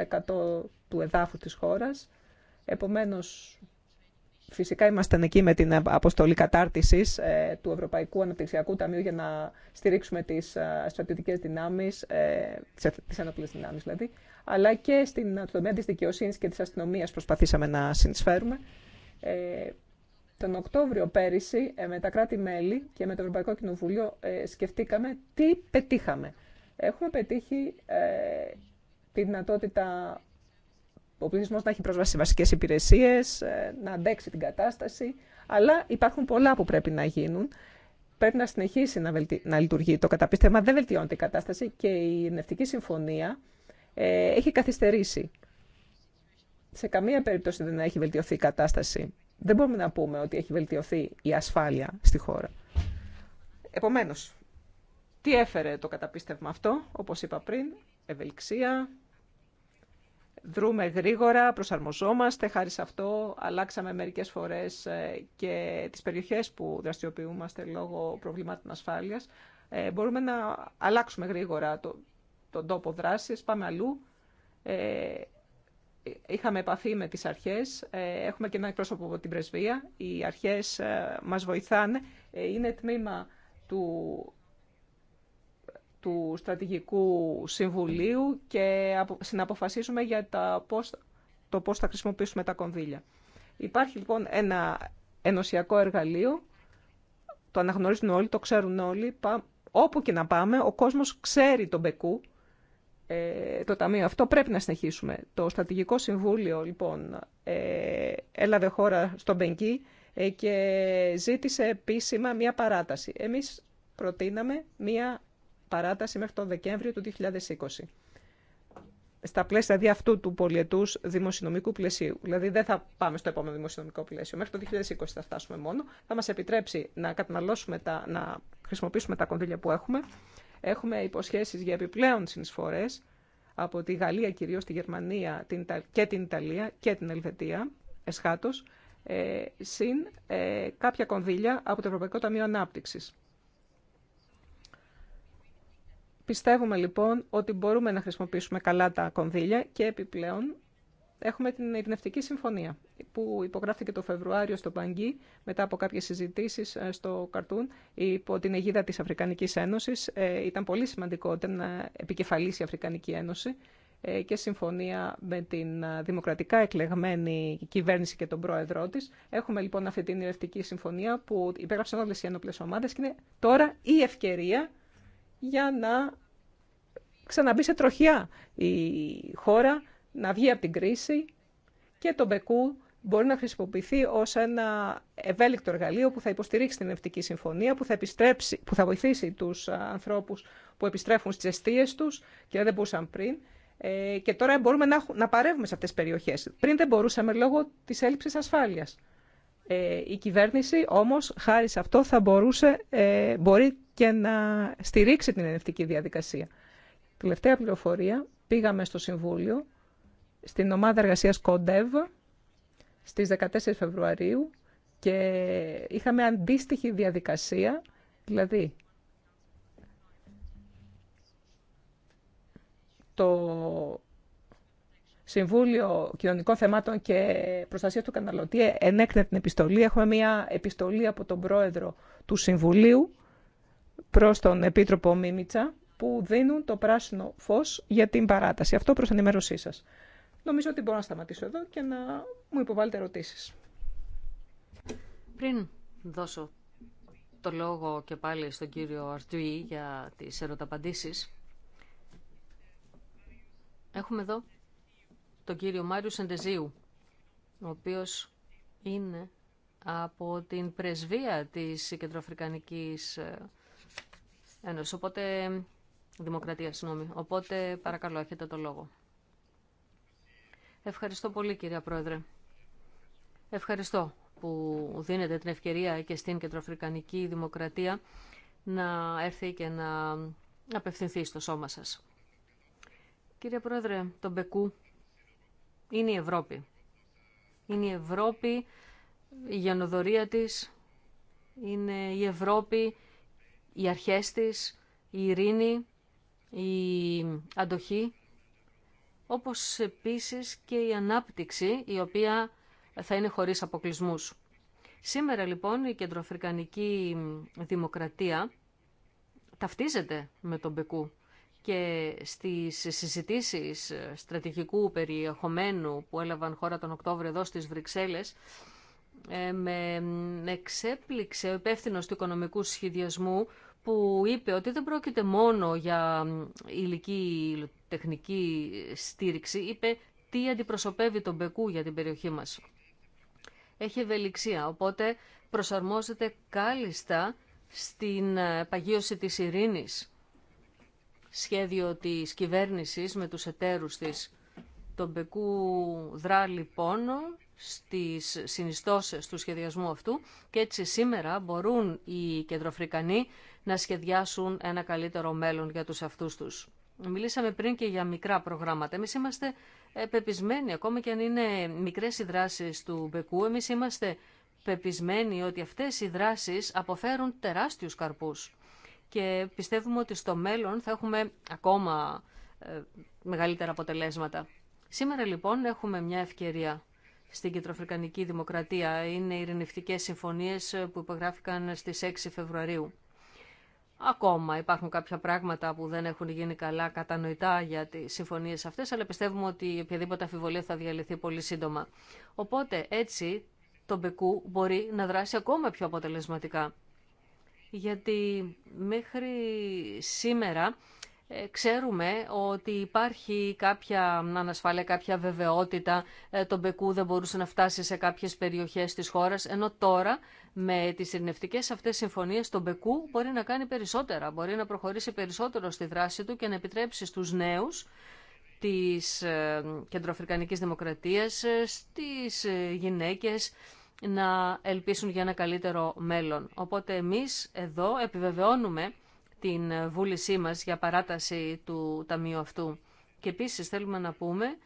του εδάφου της χώρας. Επομένως, Φυσικά είμαστε εκεί με την αποστολή κατάρτισης ε, του Ευρωπαϊκού Αναπτυξιακού Ταμείου για να στηρίξουμε τις ε, στρατιωτικές δυνάμεις, ε, τι ανώπλε δυνάμει, δηλαδή, αλλά και στην τομέα τη δικαιοσύνη και τη αστυνομία προσπαθήσαμε να συνεισφέρουμε. Τον Οκτώβριο πέρυσι με τα κράτη-μέλη και με το Ευρωπαϊκό Κοινοβούλιο σκεφτήκαμε τι πετύχαμε. Έχουμε πετύχει τη δυνατότητα ο πληθυσμό να έχει πρόσβαση σε βασικέ υπηρεσίε, ε, να αντέξει την κατάσταση. Αλλά υπάρχουν πολλά που πρέπει να γίνουν. Πρέπει να συνεχίσει να, βελτι... λειτουργεί το καταπίστευμα. Δεν βελτιώνεται η κατάσταση και η Νευτική Συμφωνία ε, έχει καθυστερήσει. Σε καμία περίπτωση δεν έχει βελτιωθεί η κατάσταση. Δεν μπορούμε να πούμε ότι έχει βελτιωθεί η ασφάλεια στη χώρα. Επομένως, τι έφερε το καταπίστευμα αυτό, όπως είπα πριν, ευελιξία, Δρούμε γρήγορα, προσαρμοζόμαστε, χάρη σε αυτό αλλάξαμε μερικές φορές ε, και τι περιοχέ που δραστηριοποιούμαστε λόγω προβλημάτων ασφάλειας. Ε, μπορούμε να αλλάξουμε γρήγορα το, τον τόπο δράση. πάμε αλλού. Ε, είχαμε επαφή με τι αρχές, ε, έχουμε και ένα εκπρόσωπο από την πρεσβεία. Οι αρχές μας βοηθάνε, είναι τμήμα του του Στρατηγικού Συμβουλίου και συναποφασίζουμε για τα πώς, το πώς θα χρησιμοποιήσουμε τα κονδύλια. Υπάρχει λοιπόν ένα ενωσιακό εργαλείο, το αναγνωρίζουν όλοι, το ξέρουν όλοι, όπου και να πάμε, ο κόσμος ξέρει τον Μπεκού, ε, το Ταμείο. Αυτό πρέπει να συνεχίσουμε. Το Στρατηγικό Συμβούλιο, λοιπόν, ε, έλαβε χώρα στον ε, και ζήτησε επίσημα μία παράταση. Εμείς προτείναμε μία παράταση μέχρι τον Δεκέμβριο του 2020. Στα πλαίσια δι' αυτού του πολιετού δημοσιονομικού πλαισίου. Δηλαδή δεν θα πάμε στο επόμενο δημοσιονομικό πλαίσιο. Μέχρι το 2020 θα φτάσουμε μόνο. Θα μα επιτρέψει να καταναλώσουμε τα, να χρησιμοποιήσουμε τα κονδύλια που έχουμε. Έχουμε υποσχέσει για επιπλέον συνεισφορέ από τη Γαλλία, κυρίω τη Γερμανία και την Ιταλία και την Ελβετία, εσχάτω, ε, συν ε, κάποια κονδύλια από το Ευρωπαϊκό Ταμείο Ανάπτυξη. Πιστεύουμε λοιπόν ότι μπορούμε να χρησιμοποιήσουμε καλά τα κονδύλια και επιπλέον έχουμε την Ειρηνευτική Συμφωνία που υπογράφηκε το Φεβρουάριο στο Παγκή μετά από κάποιες συζητήσεις ε, στο Καρτούν υπό την αιγίδα της Αφρικανικής Ένωσης. Ε, ήταν πολύ σημαντικό όταν ε, επικεφαλής η Αφρικανική Ένωση και συμφωνία με την δημοκρατικά εκλεγμένη κυβέρνηση και τον πρόεδρό της. Έχουμε λοιπόν αυτή την ειρηνευτική συμφωνία που υπέγραψαν όλες οι ενόπλες ομάδες και είναι τώρα η ευκαιρία για να ξαναμπεί σε τροχιά η χώρα, να βγει από την κρίση και το Μπεκού μπορεί να χρησιμοποιηθεί ως ένα ευέλικτο εργαλείο που θα υποστηρίξει την Ευτική Συμφωνία, που θα, επιστρέψει, που θα βοηθήσει τους ανθρώπους που επιστρέφουν στις αιστείες τους και δεν μπορούσαν πριν. Ε, και τώρα μπορούμε να, να παρεύουμε σε αυτές τις περιοχές. Πριν δεν μπορούσαμε λόγω της έλλειψης ασφάλειας. Ε, η κυβέρνηση όμως χάρη σε αυτό θα μπορούσε, ε, μπορεί και να στηρίξει την ενευτική διαδικασία. Τελευταία πληροφορία, πήγαμε στο Συμβούλιο, στην ομάδα εργασίας Κοντεύ, στις 14 Φεβρουαρίου και είχαμε αντίστοιχη διαδικασία, δηλαδή το Συμβούλιο Κοινωνικών Θεμάτων και Προστασία του Καναλωτή ενέκρινε την επιστολή. Έχουμε μια επιστολή από τον πρόεδρο του Συμβουλίου προς τον Επίτροπο Μίμητσα που δίνουν το πράσινο φως για την παράταση. Αυτό προς ενημέρωσή σας. Νομίζω ότι μπορώ να σταματήσω εδώ και να μου υποβάλλετε ερωτήσεις. Πριν δώσω το λόγο και πάλι στον κύριο Αρτουή για τις ερωταπαντήσεις, έχουμε εδώ τον κύριο Μάριο Σεντεζίου, ο οποίος είναι από την πρεσβεία της Κεντροαφρικανικής ε, Ένωση. Οπότε, δημοκρατία, συγγνώμη. Οπότε, παρακαλώ, έχετε το λόγο. Ευχαριστώ πολύ, κυρία Πρόεδρε. Ευχαριστώ που δίνετε την ευκαιρία και στην Κεντροαφρικανική Δημοκρατία να έρθει και να απευθυνθεί στο σώμα σας. Κύριε Πρόεδρε, το Μπεκού είναι η Ευρώπη. Είναι η Ευρώπη, η γενοδορία της, είναι η Ευρώπη, οι αρχές της, η ειρήνη, η αντοχή, όπως επίσης και η ανάπτυξη η οποία θα είναι χωρίς αποκλεισμούς. Σήμερα λοιπόν η κεντροαφρικανική δημοκρατία ταυτίζεται με τον Μπεκού και στις συζητήσεις στρατηγικού περιεχομένου που έλαβαν χώρα τον Οκτώβριο εδώ στις Βρυξέλλες ε, με εξέπληξε ο υπεύθυνο του οικονομικού σχεδιασμού που είπε ότι δεν πρόκειται μόνο για υλική τεχνική στήριξη, είπε τι αντιπροσωπεύει τον Μπεκού για την περιοχή μας. Έχει ευελιξία, οπότε προσαρμόζεται κάλλιστα στην ε, παγίωση της ειρήνης. Σχέδιο της κυβέρνησης με τους εταίρους της. τον Μπεκού δρά λοιπόν στις συνιστώσεις του σχεδιασμού αυτού και έτσι σήμερα μπορούν οι κεντροαφρικανοί να σχεδιάσουν ένα καλύτερο μέλλον για τους αυτούς τους. Μιλήσαμε πριν και για μικρά προγράμματα. Εμείς είμαστε πεπισμένοι, ακόμα και αν είναι μικρές οι δράσεις του Μπεκού, εμείς είμαστε πεπισμένοι ότι αυτές οι δράσεις αποφέρουν τεράστιους καρπούς. Και πιστεύουμε ότι στο μέλλον θα έχουμε ακόμα ε, μεγαλύτερα αποτελέσματα. Σήμερα λοιπόν έχουμε μια ευκαιρία στην Κεντροαφρικανική Δημοκρατία. Είναι ειρηνευτικέ συμφωνίες ε, που υπογράφηκαν στις 6 Φεβρουαρίου. Ακόμα υπάρχουν κάποια πράγματα που δεν έχουν γίνει καλά κατανοητά για τι συμφωνίε αυτέ, αλλά πιστεύουμε ότι οποιαδήποτε αφιβολία θα διαλυθεί πολύ σύντομα. Οπότε έτσι το Μπεκού μπορεί να δράσει ακόμα πιο αποτελεσματικά. Γιατί μέχρι σήμερα ε, ξέρουμε ότι υπάρχει κάποια ανασφάλεια, κάποια βεβαιότητα, ε, το Μπεκού δεν μπορούσε να φτάσει σε κάποιες περιοχές της χώρας, ενώ τώρα με τις ειρηνευτικές αυτές συμφωνίες το Μπεκού μπορεί να κάνει περισσότερα, μπορεί να προχωρήσει περισσότερο στη δράση του και να επιτρέψει στους νέους της ε, Κεντροαφρικανικής Δημοκρατίας, στις γυναίκες, να ελπίσουν για ένα καλύτερο μέλλον. Οπότε εμείς εδώ επιβεβαιώνουμε την βούλησή μας για παράταση του ταμείου αυτού. Και επίσης θέλουμε να πούμε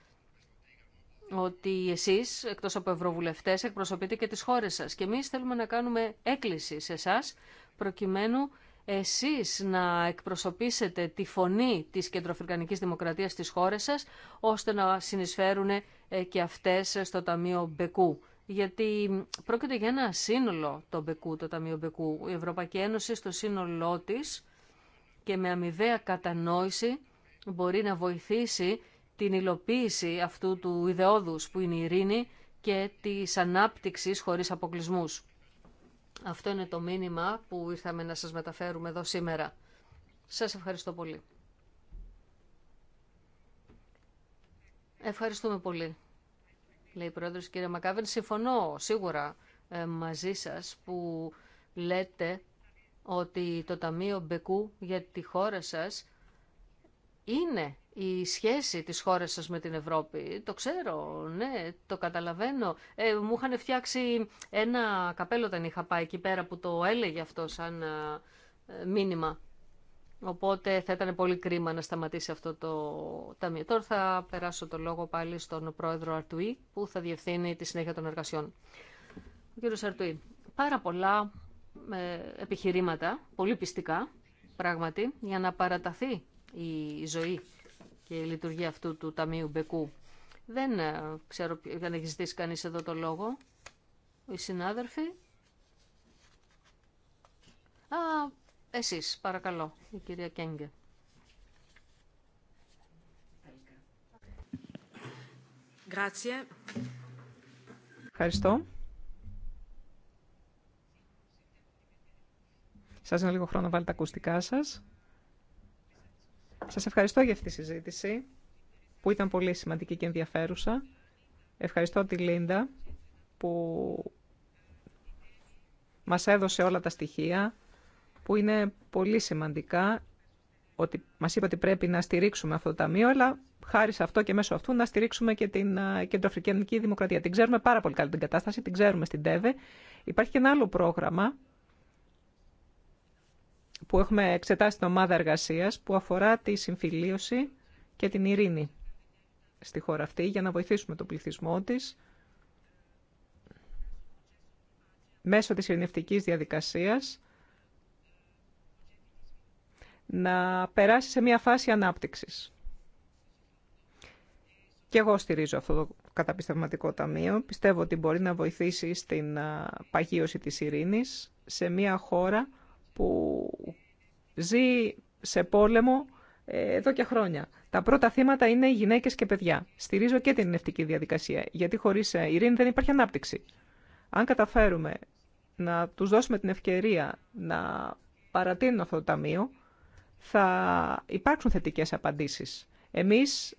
ότι εσείς, εκτός από ευρωβουλευτές, εκπροσωπείτε και τις χώρες σας. Και εμείς θέλουμε να κάνουμε έκκληση σε εσά προκειμένου εσείς να εκπροσωπήσετε τη φωνή της κεντροφρικανικής δημοκρατίας στις χώρες σας, ώστε να συνεισφέρουν ε, και αυτές στο Ταμείο Μπεκού. Γιατί πρόκειται για ένα σύνολο το Μπεκού, το Ταμείο Μπεκού. Η Ευρωπαϊκή Ένωση στο σύνολό της και με αμοιβαία κατανόηση μπορεί να βοηθήσει την υλοποίηση αυτού του ιδεόδους που είναι η ειρήνη και της ανάπτυξης χωρίς αποκλεισμούς. Αυτό είναι το μήνυμα που ήρθαμε να σας μεταφέρουμε εδώ σήμερα. Σας ευχαριστώ πολύ. Ευχαριστούμε πολύ, λέει η Πρόεδρος κύριε Μακάβεν. Συμφωνώ σίγουρα ε, μαζί σας που λέτε ότι το Ταμείο Μπεκού για τη χώρα σας είναι η σχέση της χώρας σας με την Ευρώπη. Το ξέρω, ναι, το καταλαβαίνω. Ε, μου είχαν φτιάξει ένα καπέλο δεν είχα πάει εκεί πέρα που το έλεγε αυτό σαν ε, μήνυμα. Οπότε θα ήταν πολύ κρίμα να σταματήσει αυτό το ταμείο. Τώρα θα περάσω το λόγο πάλι στον πρόεδρο Αρτουή που θα διευθύνει τη συνέχεια των εργασιών. Κύριο Αρτουή, πάρα πολλά επιχειρήματα, πολύ πιστικά, πράγματι, για να παραταθεί η ζωή και η λειτουργία αυτού του Ταμείου Μπεκού. Δεν ε, ξέρω αν έχει ζητήσει κανείς εδώ το λόγο. Οι συνάδελφοι. Α, εσείς, παρακαλώ, η κυρία Κέγκε. Ευχαριστώ. Σας δίνω λίγο χρόνο, να βάλετε τα ακουστικά σας. Σας ευχαριστώ για αυτή τη συζήτηση, που ήταν πολύ σημαντική και ενδιαφέρουσα. Ευχαριστώ τη Λίντα, που μας έδωσε όλα τα στοιχεία, που είναι πολύ σημαντικά, ότι μας είπε ότι πρέπει να στηρίξουμε αυτό το ταμείο, αλλά χάρη σε αυτό και μέσω αυτού να στηρίξουμε και την ε, Κεντροαφρικανική Δημοκρατία. Την ξέρουμε πάρα πολύ καλά την κατάσταση, την ξέρουμε στην ΤΕΒΕ. Υπάρχει και ένα άλλο πρόγραμμα που έχουμε εξετάσει την ομάδα εργασίας που αφορά τη συμφιλίωση και την ειρήνη στη χώρα αυτή για να βοηθήσουμε τον πληθυσμό της μέσω της ειρηνευτικής διαδικασίας να περάσει σε μια φάση ανάπτυξης. Και εγώ στηρίζω αυτό το καταπιστευματικό ταμείο. Πιστεύω ότι μπορεί να βοηθήσει στην παγίωση της ειρήνης σε μια χώρα που ζει σε πόλεμο ε, εδώ και χρόνια. Τα πρώτα θύματα είναι οι γυναίκε και παιδιά. Στηρίζω και την ειρηνευτική διαδικασία, γιατί χωρί ε, ειρήνη δεν υπάρχει ανάπτυξη. Αν καταφέρουμε να του δώσουμε την ευκαιρία να παρατείνουν αυτό το ταμείο, θα υπάρξουν θετικέ απαντήσει. Εμείς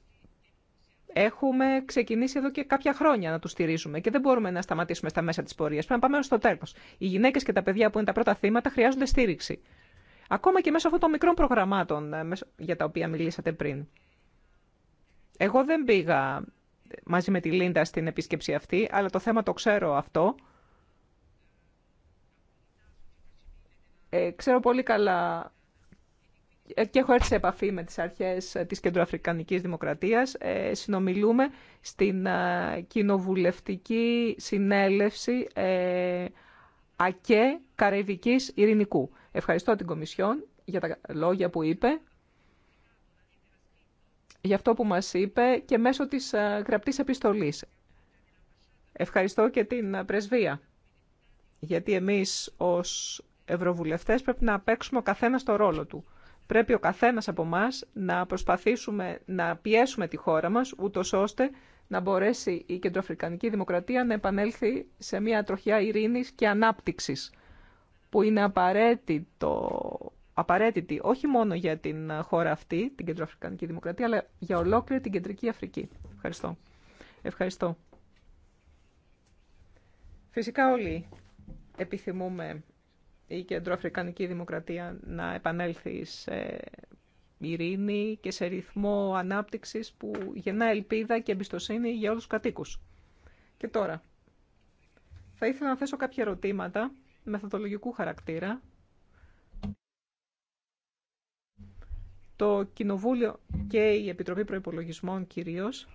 έχουμε ξεκινήσει εδώ και κάποια χρόνια να του στηρίζουμε και δεν μπορούμε να σταματήσουμε στα μέσα τη πορεία. Πρέπει να πάμε στο τέλο. Οι γυναίκε και τα παιδιά που είναι τα πρώτα θύματα χρειάζονται στήριξη. Ακόμα και μέσω αυτών των μικρών προγραμμάτων ε, για τα οποία μιλήσατε πριν. Εγώ δεν πήγα ε, μαζί με τη Λίντα στην επίσκεψη αυτή, αλλά το θέμα το ξέρω αυτό. Ε, ξέρω πολύ καλά και έχω έρθει σε επαφή με τις αρχές ε, της Κεντροαφρικανικής Δημοκρατίας. Ε, συνομιλούμε στην ε, κοινοβουλευτική συνέλευση ΑΚΕ Καραϊβικής Ειρηνικού. Ευχαριστώ την Κομισιόν για τα λόγια που είπε, για αυτό που μας είπε και μέσω της γραπτής επιστολής. Ευχαριστώ και την Πρεσβεία, γιατί εμείς ως Ευρωβουλευτές πρέπει να παίξουμε ο καθένας ρόλο του. Πρέπει ο καθένας από εμά να προσπαθήσουμε να πιέσουμε τη χώρα μας, ούτω ώστε να μπορέσει η κεντροαφρικανική δημοκρατία να επανέλθει σε μια τροχιά ειρήνης και ανάπτυξης, που είναι απαραίτητο, απαραίτητη όχι μόνο για την χώρα αυτή, την κεντροαφρικανική δημοκρατία, αλλά για ολόκληρη την κεντρική Αφρική. Ευχαριστώ. Ευχαριστώ. Φυσικά όλοι επιθυμούμε η κεντροαφρικανική δημοκρατία να επανέλθει σε ειρήνη και σε ρυθμό ανάπτυξης που γεννά ελπίδα και εμπιστοσύνη για όλους τους κατοίκους. Και τώρα, θα ήθελα να θέσω κάποια ερωτήματα μεθοδολογικού χαρακτήρα. Το Κοινοβούλιο και η Επιτροπή Προϋπολογισμών κυρίως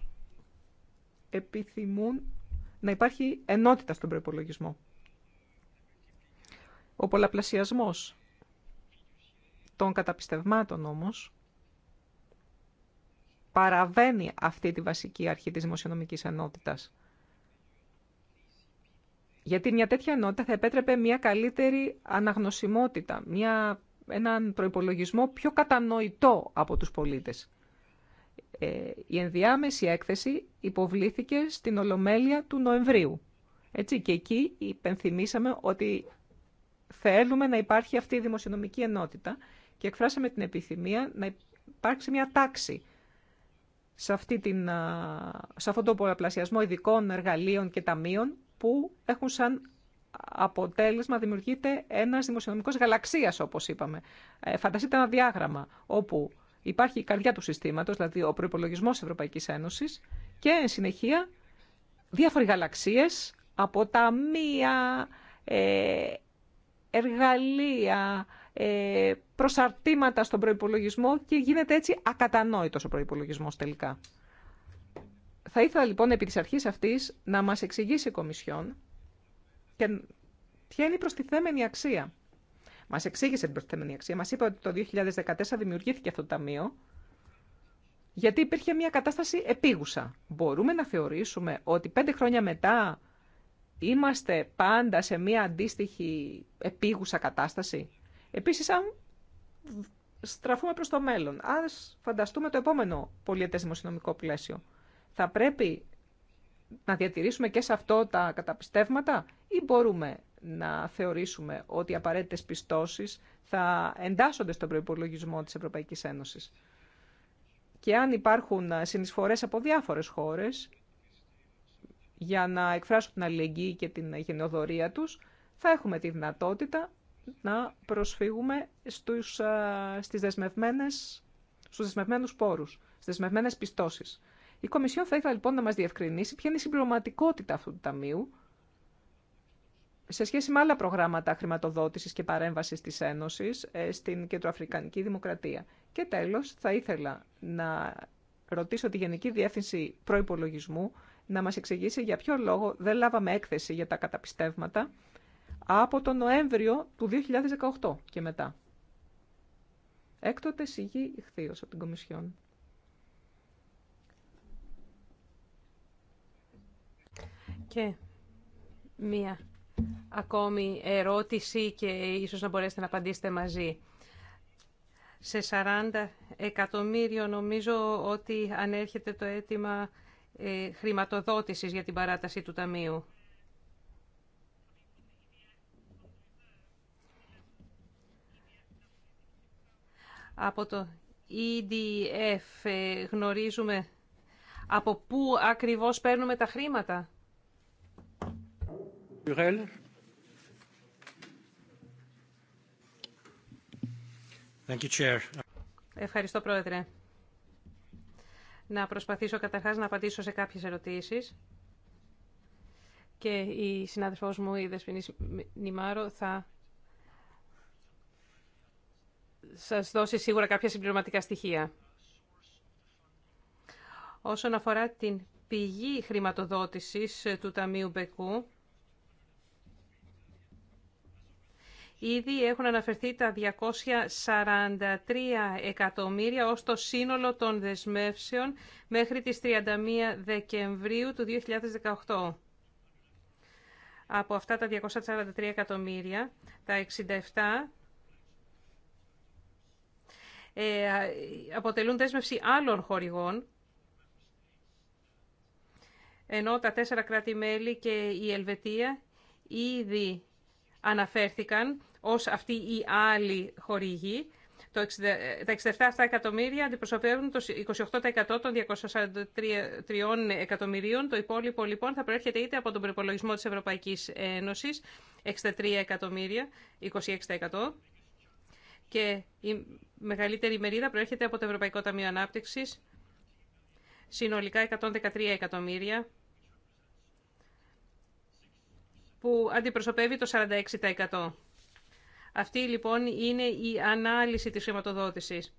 επιθυμούν να υπάρχει ενότητα στον προϋπολογισμό. Ο πολλαπλασιασμός των καταπιστευμάτων όμως παραβαίνει αυτή τη βασική αρχή της δημοσιονομικής ενότητας. Γιατί μια τέτοια ενότητα θα επέτρεπε μια καλύτερη αναγνωσιμότητα, μια, έναν προϋπολογισμό πιο κατανοητό από τους πολίτες. Ε, η ενδιάμεση έκθεση υποβλήθηκε στην Ολομέλεια του Νοεμβρίου. Έτσι, και εκεί υπενθυμίσαμε ότι θέλουμε να υπάρχει αυτή η δημοσιονομική ενότητα και εκφράσαμε την επιθυμία να υπάρξει μια τάξη σε, αυτή την, σε αυτόν τον πολλαπλασιασμό ειδικών εργαλείων και ταμείων που έχουν σαν αποτέλεσμα δημιουργείται ένας δημοσιονομικός γαλαξίας, όπως είπαμε. Ε, φανταστείτε ένα διάγραμμα όπου υπάρχει η καρδιά του συστήματος, δηλαδή ο προϋπολογισμός της Ευρωπαϊκής Ένωσης και, εν συνεχεία, διάφοροι γαλαξίες από ταμεία, ε, εργαλεία, ε, προσαρτήματα στον προϋπολογισμό και γίνεται έτσι ακατανόητος ο προϋπολογισμός τελικά. Θα ήθελα λοιπόν επί της αρχής αυτής να μας εξηγήσει η Κομισιόν και ποια είναι η προστιθέμενη αξία. Μας εξήγησε την προστιθέμενη αξία, μας είπε ότι το 2014 δημιουργήθηκε αυτό το ταμείο γιατί υπήρχε μια κατάσταση επίγουσα. Μπορούμε να θεωρήσουμε ότι πέντε χρόνια μετά Είμαστε πάντα σε μία αντίστοιχη επίγουσα κατάσταση. Επίσης, αν στραφούμε προς το μέλλον, αν φανταστούμε το επόμενο πολιετές πλαίσιο, θα πρέπει να διατηρήσουμε και σε αυτό τα καταπιστεύματα ή μπορούμε να θεωρήσουμε ότι οι απαραίτητες πιστώσεις θα εντάσσονται στον προϋπολογισμό της Ευρωπαϊκής Ένωσης. Και αν υπάρχουν συνεισφορές από διάφορες χώρες, για να εκφράσουν την αλληλεγγύη και την γενναιοδορία τους, θα έχουμε τη δυνατότητα να προσφύγουμε στους, στις πόρου, στους δεσμευμένους πόρους, στις δεσμευμένες πιστώσεις. Η Κομισιόν θα ήθελα λοιπόν να μας διευκρινίσει ποια είναι η συμπληρωματικότητα αυτού του ταμείου σε σχέση με άλλα προγράμματα χρηματοδότησης και παρέμβασης της Ένωσης ε, στην Κεντροαφρικανική Δημοκρατία. Και τέλος, θα ήθελα να ρωτήσω τη Γενική Διεύθυνση προπολογισμού να μας εξηγήσει για ποιο λόγο δεν λάβαμε έκθεση για τα καταπιστεύματα από τον Νοέμβριο του 2018 και μετά. Έκτοτε σίγη ηχθείως από την Κομισιόν. Και μία ακόμη ερώτηση και ίσως να μπορέσετε να απαντήσετε μαζί. Σε 40 εκατομμύριο νομίζω ότι ανέρχεται το αίτημα ε, χρηματοδότησης για την παράταση του Ταμείου. Από το EDF ε, γνωρίζουμε από πού ακριβώς παίρνουμε τα χρήματα. Ευχαριστώ, Πρόεδρε να προσπαθήσω καταρχάς να απαντήσω σε κάποιες ερωτήσεις και η συνάδελφός μου, η Δεσποινή Νιμάρο, θα σας δώσει σίγουρα κάποια συμπληρωματικά στοιχεία. Όσον αφορά την πηγή χρηματοδότησης του Ταμείου Μπεκού, Ήδη έχουν αναφερθεί τα 243 εκατομμύρια ως το σύνολο των δεσμεύσεων μέχρι τις 31 Δεκεμβρίου του 2018. Από αυτά τα 243 εκατομμύρια, τα 67 ε, αποτελούν δέσμευση άλλων χορηγών, ενώ τα τέσσερα κράτη-μέλη και η Ελβετία ήδη αναφέρθηκαν ως αυτή η άλλη χορηγή. Το τα 67 εκατομμύρια αντιπροσωπεύουν το 28% των 243 εκατομμυρίων. Το υπόλοιπο λοιπόν θα προέρχεται είτε από τον προπολογισμό της Ευρωπαϊκής Ένωσης, 63 εκατομμύρια, 26%. Και η μεγαλύτερη μερίδα προέρχεται από το Ευρωπαϊκό Ταμείο Ανάπτυξης, συνολικά 113 εκατομμύρια, που αντιπροσωπεύει το 46%. Αυτή λοιπόν είναι η ανάλυση της χρηματοδότησης.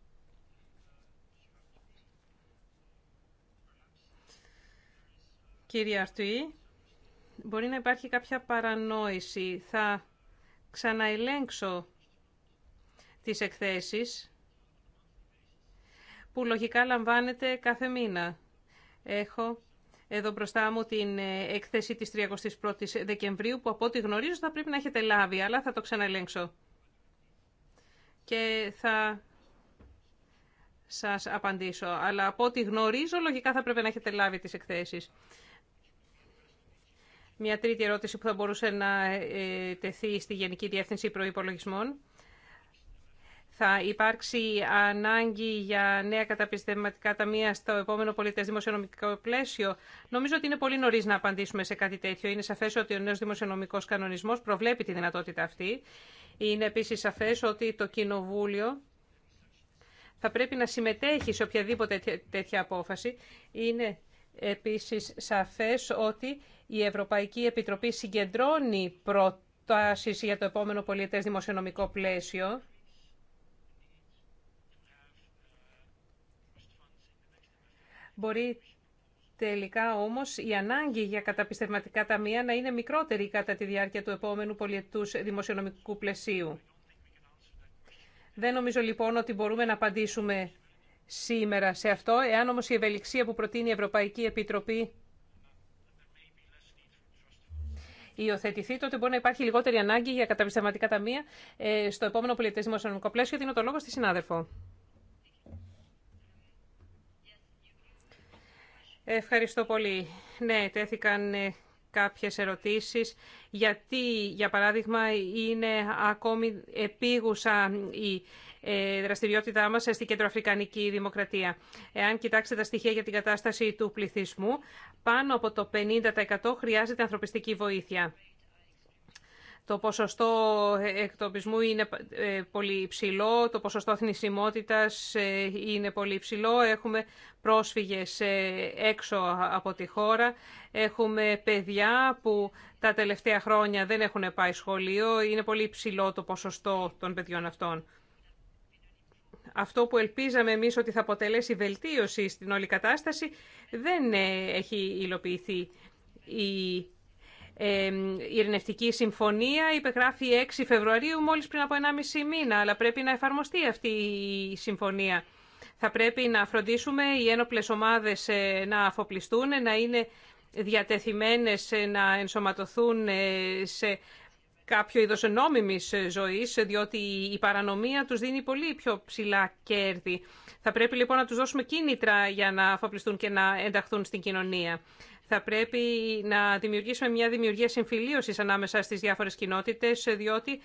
Κύριε Αρτουή, μπορεί να υπάρχει κάποια παρανόηση. Θα ξαναελέγξω τις εκθέσεις που λογικά λαμβάνεται κάθε μήνα. Έχω εδώ μπροστά μου την ε, έκθεση της 31ης Δεκεμβρίου που από ό,τι γνωρίζω θα πρέπει να έχετε λάβει, αλλά θα το ξαναελέγξω και θα σας απαντήσω. Αλλά από ό,τι γνωρίζω, λογικά θα πρέπει να έχετε λάβει τις εκθέσεις. Μια τρίτη ερώτηση που θα μπορούσε να ε, τεθεί στη Γενική Διεύθυνση Προϋπολογισμών θα υπάρξει ανάγκη για νέα καταπιστευματικά ταμεία στο επόμενο πολιτές δημοσιονομικό πλαίσιο. Νομίζω ότι είναι πολύ νωρί να απαντήσουμε σε κάτι τέτοιο. Είναι σαφέ ότι ο νέος Δημοσιονομικό Κανονισμό προβλέπει τη δυνατότητα αυτή. Είναι επίση σαφέ ότι το Κοινοβούλιο θα πρέπει να συμμετέχει σε οποιαδήποτε τέτοια απόφαση. Είναι επίσης σαφές ότι η Ευρωπαϊκή Επιτροπή συγκεντρώνει προτάσεις για το επόμενο πολιτές δημοσιονομικό πλαίσιο Μπορεί τελικά όμως η ανάγκη για καταπιστευματικά ταμεία να είναι μικρότερη κατά τη διάρκεια του επόμενου πολιετούς δημοσιονομικού πλαισίου. Δεν νομίζω λοιπόν ότι μπορούμε να απαντήσουμε σήμερα σε αυτό. Εάν όμως η ευελιξία που προτείνει η Ευρωπαϊκή Επιτροπή υιοθετηθεί, τότε μπορεί να υπάρχει λιγότερη ανάγκη για καταπιστευματικά ταμεία ε, στο επόμενο πολιτικό δημοσιονομικό πλαίσιο. Δίνω το λόγο στη συνάδελφο. Ευχαριστώ πολύ. Ναι, τέθηκαν ε, κάποιες ερωτήσεις. Γιατί, για παράδειγμα, είναι ακόμη επίγουσα η ε, δραστηριότητά μας στην Κεντροαφρικανική Δημοκρατία. Εάν κοιτάξετε τα στοιχεία για την κατάσταση του πληθυσμού, πάνω από το 50% χρειάζεται ανθρωπιστική βοήθεια το ποσοστό εκτοπισμού είναι ε, πολύ υψηλό, το ποσοστό θνησιμότητας ε, είναι πολύ υψηλό, έχουμε πρόσφυγες ε, έξω από τη χώρα, έχουμε παιδιά που τα τελευταία χρόνια δεν έχουν πάει σχολείο, είναι πολύ υψηλό το ποσοστό των παιδιών αυτών. Αυτό που ελπίζαμε εμείς ότι θα αποτελέσει βελτίωση στην όλη κατάσταση δεν έχει υλοποιηθεί. Η η ειρηνευτική συμφωνία υπεγράφει 6 Φεβρουαρίου μόλις πριν από 1,5 μήνα, αλλά πρέπει να εφαρμοστεί αυτή η συμφωνία. Θα πρέπει να φροντίσουμε οι ένοπλες ομάδες ε, να αφοπλιστούν, να είναι διατεθειμένες ε, να ενσωματωθούν ε, σε κάποιο είδο νόμιμης ζωής, διότι η παρανομία του δίνει πολύ πιο ψηλά κέρδη. Θα πρέπει λοιπόν να του δώσουμε κίνητρα για να αφοπλιστούν και να ενταχθούν στην κοινωνία. Θα πρέπει να δημιουργήσουμε μια δημιουργία συμφιλίωσης ανάμεσα στις διάφορες κοινότητες, διότι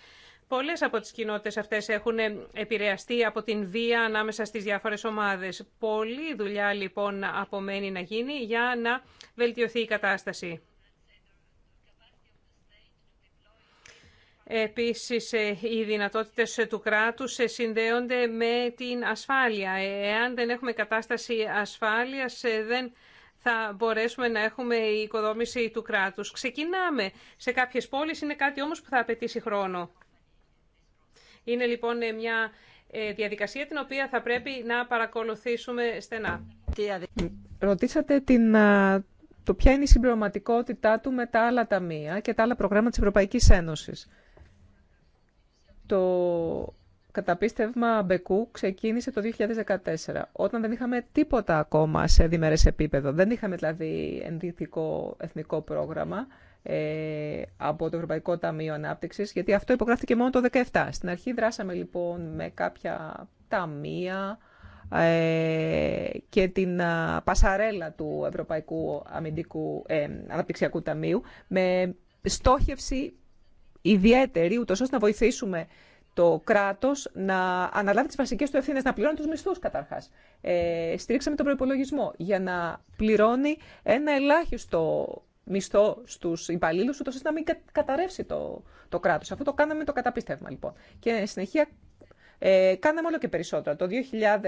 πολλέ από τις κοινότητες αυτές έχουν επηρεαστεί από την βία ανάμεσα στι διάφορε ομάδε. Πολλή δουλειά λοιπόν απομένει να γίνει για να βελτιωθεί η κατάσταση. Επίσης, ε, οι δυνατότητες ε, του κράτους ε, συνδέονται με την ασφάλεια. Εάν δεν έχουμε κατάσταση ασφάλειας, δεν θα μπορέσουμε να έχουμε η οικοδόμηση του κράτους. Ξεκινάμε. Σε κάποιες πόλεις είναι κάτι όμως που θα απαιτήσει χρόνο. Είναι λοιπόν μια διαδικασία την οποία θα πρέπει να παρακολουθήσουμε στενά. Ρωτήσατε το ποια είναι η συμπληρωματικότητά του με τα άλλα ταμεία και τα άλλα προγράμματα της Ευρωπαϊκής Ένωσης. Το καταπίστευμα Μπεκού ξεκίνησε το 2014, όταν δεν είχαμε τίποτα ακόμα σε διμερές επίπεδο. Δεν είχαμε δηλαδή ενδυθικό εθνικό πρόγραμμα ε, από το Ευρωπαϊκό Ταμείο Ανάπτυξης, γιατί αυτό υπογράφηκε μόνο το 2017. Στην αρχή δράσαμε λοιπόν με κάποια ταμεία ε, και την πασαρέλα του Ευρωπαϊκού Αμυντικού, ε, Αναπτυξιακού Ταμείου με στόχευση ιδιαίτερη, ούτως ώστε να βοηθήσουμε το κράτος να αναλάβει τις βασικές του ευθύνες, να πληρώνει τους μισθούς καταρχάς. Ε, στηρίξαμε τον προϋπολογισμό για να πληρώνει ένα ελάχιστο μισθό στους υπαλλήλου, ούτως ώστε να μην καταρρεύσει το, το κράτος. Αυτό το κάναμε το καταπίστευμα λοιπόν. Και συνεχεία ε, κάναμε όλο και περισσότερα. Το 2017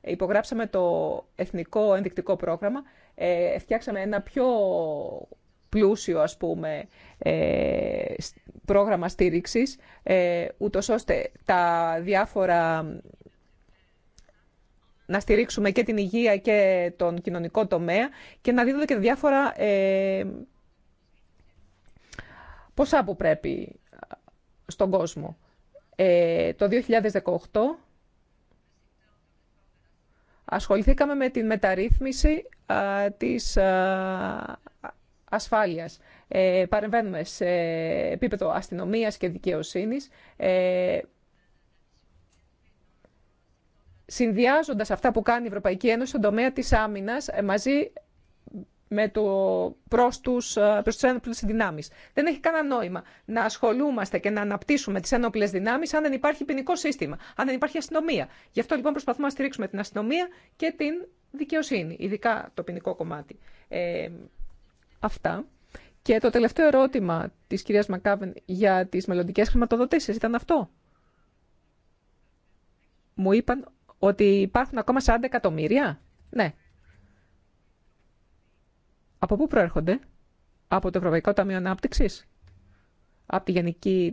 ε, υπογράψαμε το Εθνικό Ενδεικτικό Πρόγραμμα, ε, φτιάξαμε ένα πιο πλούσιο, ας πούμε, ε, πρόγραμμα στήριξης, ε, ούτως ώστε τα διάφορα να στηρίξουμε και την υγεία και τον κοινωνικό τομέα και να δίδονται και διάφορα ε, ποσά που πρέπει στον κόσμο. Το 2018 ασχοληθήκαμε με την μεταρρύθμιση της ασφάλειας. Ε, παρεμβαίνουμε σε επίπεδο αστυνομίας και δικαιοσύνης. Ε, συνδυάζοντας αυτά που κάνει η Ευρωπαϊκή Ένωση στον τομέα της άμυνας ε, μαζί με το προς, τους, ε, προς δυνάμει. δυνάμεις. Δεν έχει κανένα νόημα να ασχολούμαστε και να αναπτύσσουμε τις ένοπλες δυνάμεις αν δεν υπάρχει ποινικό σύστημα, αν δεν υπάρχει αστυνομία. Γι' αυτό λοιπόν προσπαθούμε να στηρίξουμε την αστυνομία και την δικαιοσύνη, ειδικά το ποινικό κομμάτι. Ε, αυτά. Και το τελευταίο ερώτημα της κυρίας Μακάβεν για τις μελλοντικέ χρηματοδοτήσεις ήταν αυτό. Μου είπαν ότι υπάρχουν ακόμα 40 εκατομμύρια. Ναι. Από πού προέρχονται? Από το Ευρωπαϊκό Ταμείο ανάπτυξη, Από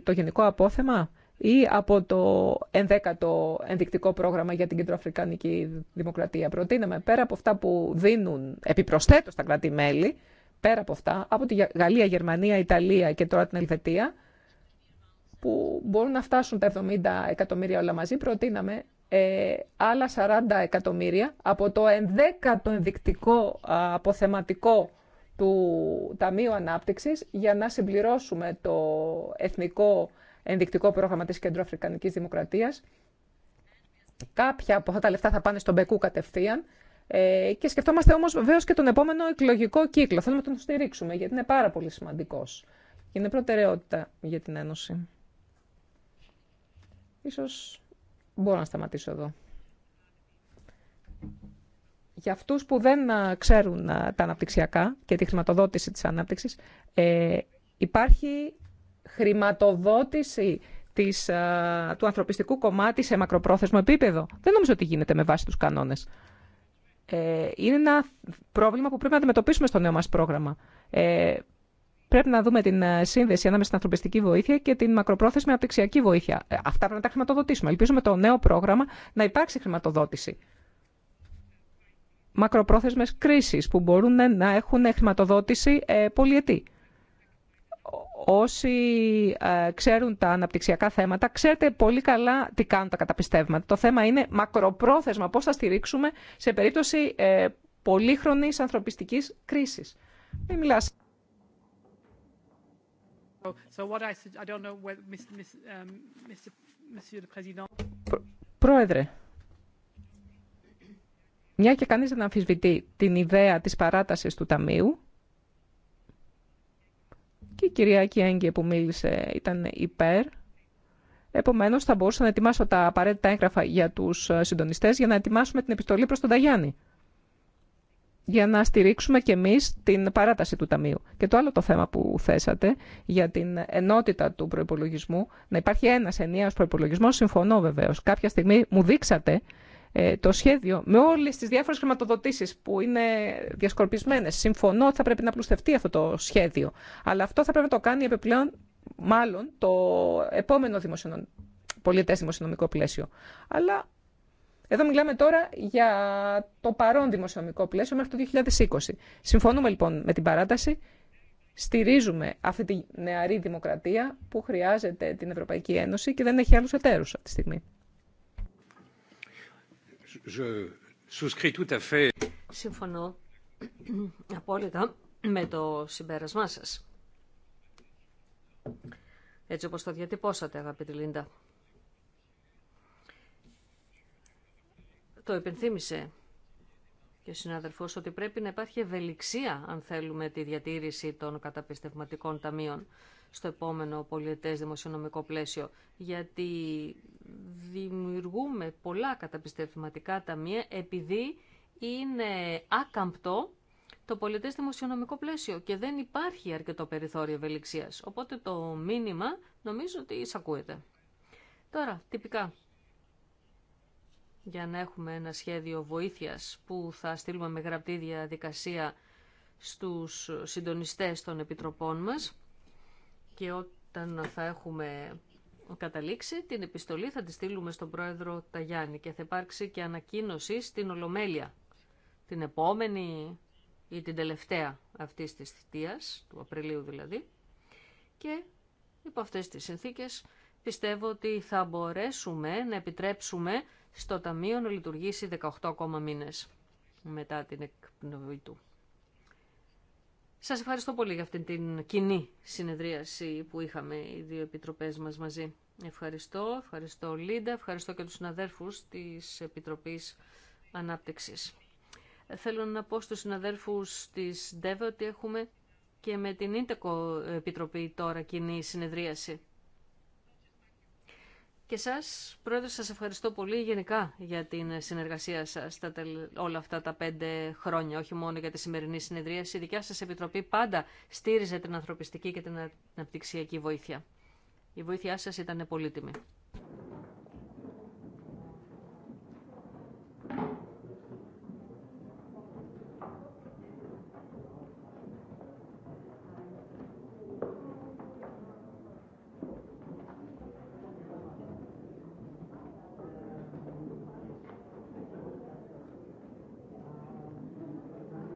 το γενικό απόθεμα? Ή από το 11ο ενδεικτικό πρόγραμμα για την Κεντροαφρικανική Δημοκρατία. Προτείναμε πέρα από αυτά που δίνουν επιπροσθέτως τα κράτη-μέλη πέρα από αυτά, από τη Γαλλία, Γερμανία, Ιταλία και τώρα την Ελβετία, που μπορούν να φτάσουν τα 70 εκατομμύρια όλα μαζί, προτείναμε ε, άλλα 40 εκατομμύρια από το 11ο ενδεικτικό αποθεματικό του Ταμείου Ανάπτυξης για να συμπληρώσουμε το εθνικό ενδεικτικό πρόγραμμα της Κεντροαφρικανικής Δημοκρατίας. Κάποια από αυτά τα λεφτά θα πάνε στον Μπεκού κατευθείαν ε, και σκεφτόμαστε όμως βεβαίω και τον επόμενο εκλογικό κύκλο. Θέλουμε να τον στηρίξουμε γιατί είναι πάρα πολύ σημαντικός. Είναι προτεραιότητα για την Ένωση. Ίσως μπορώ να σταματήσω εδώ. Για αυτούς που δεν ε, ξέρουν ε, τα αναπτυξιακά και τη χρηματοδότηση της ανάπτυξης, ε, υπάρχει χρηματοδότηση της, του ανθρωπιστικού κομμάτι σε μακροπρόθεσμο επίπεδο. Δεν νομίζω ότι γίνεται με βάση τους κανόνες. Ε, είναι ένα πρόβλημα που πρέπει να αντιμετωπίσουμε στο νέο μας πρόγραμμα. Ε, πρέπει να δούμε την ε, σύνδεση ανάμεσα στην ανθρωπιστική βοήθεια και την μακροπρόθεσμη αναπτυξιακή βοήθεια. Ε, αυτά πρέπει να τα χρηματοδοτήσουμε. Ελπίζουμε το νέο πρόγραμμα να υπάρξει χρηματοδότηση. Μακροπρόθεσμες κρίσεις που μπορούν να έχουν χρηματοδότηση πολυετή όσοι ε, ξέρουν τα αναπτυξιακά θέματα, ξέρετε πολύ καλά τι κάνουν τα καταπιστεύματα. Το θέμα είναι μακροπρόθεσμα, πώς θα στηρίξουμε σε περίπτωση ε, πολύχρονης ανθρωπιστικής κρίσης. Μην μιλάς. Πρόεδρε, μια και κανείς δεν αμφισβητεί την ιδέα της παράτασης του Ταμείου, και η κυρία Κιέγγι που μίλησε ήταν υπέρ. Επομένως θα μπορούσα να ετοιμάσω τα απαραίτητα έγγραφα για τους ε, συντονιστές για να ετοιμάσουμε την επιστολή προς τον Ταγιάννη. Για να στηρίξουμε και εμείς την παράταση του Ταμείου. Και το άλλο το θέμα που θέσατε για την ενότητα του προπολογισμού, να υπάρχει ένας ενιαίος προπολογισμό, συμφωνώ βεβαίως. Κάποια στιγμή μου δείξατε ε, το σχέδιο με όλε τι διάφορε χρηματοδοτήσει που είναι διασκορπισμένε. Συμφωνώ ότι θα πρέπει να πλουστευτεί αυτό το σχέδιο. Αλλά αυτό θα πρέπει να το κάνει επιπλέον, μάλλον, το επόμενο δημοσιονομικό δημοσιονομικό πλαίσιο. Αλλά εδώ μιλάμε τώρα για το παρόν δημοσιονομικό πλαίσιο μέχρι το 2020. Συμφωνούμε λοιπόν με την παράταση, στηρίζουμε αυτή τη νεαρή δημοκρατία που χρειάζεται την Ευρωπαϊκή Ένωση και δεν έχει άλλους εταίρους αυτή τη στιγμή. Συμφωνώ απόλυτα με το συμπέρασμά σας. Έτσι όπως το διατυπώσατε αγαπητή Λίντα. Το υπενθύμησε και ο συνάδελφος ότι πρέπει να υπάρχει ευελιξία αν θέλουμε τη διατήρηση των καταπιστευματικών ταμείων στο επόμενο πολιετές δημοσιονομικό πλαίσιο, γιατί δημιουργούμε πολλά καταπιστευματικά ταμεία επειδή είναι άκαμπτο το πολιτές δημοσιονομικό πλαίσιο και δεν υπάρχει αρκετό περιθώριο ευελιξίας. Οπότε το μήνυμα νομίζω ότι εισακούεται. Τώρα, τυπικά, για να έχουμε ένα σχέδιο βοήθειας που θα στείλουμε με γραπτή διαδικασία στους συντονιστές των επιτροπών μας, και όταν θα έχουμε καταλήξει την επιστολή θα τη στείλουμε στον πρόεδρο Ταγιάννη και θα υπάρξει και ανακοίνωση στην Ολομέλεια την επόμενη ή την τελευταία αυτής της θητείας, του Απριλίου δηλαδή, και υπό αυτές τις συνθήκες πιστεύω ότι θα μπορέσουμε να επιτρέψουμε στο Ταμείο να λειτουργήσει 18 ακόμα μήνες μετά την εκπνοή του. Σας ευχαριστώ πολύ για αυτήν την κοινή συνεδρίαση που είχαμε οι δύο επιτροπές μας μαζί. Ευχαριστώ, ευχαριστώ Λίντα, ευχαριστώ και τους συναδέρφους της Επιτροπής Ανάπτυξης. Θέλω να πω στους συναδέρφους της ΔΕΒΕ ότι έχουμε και με την Ίντεκο Επιτροπή τώρα κοινή συνεδρίαση. Και σας, Πρόεδρε, σας ευχαριστώ πολύ γενικά για την συνεργασία σας όλα αυτά τα πέντε χρόνια, όχι μόνο για τη σημερινή συνεδρία. Η δικιά σας Επιτροπή πάντα στήριζε την ανθρωπιστική και την αναπτυξιακή βοήθεια. Η βοήθειά σας ήταν πολύτιμη.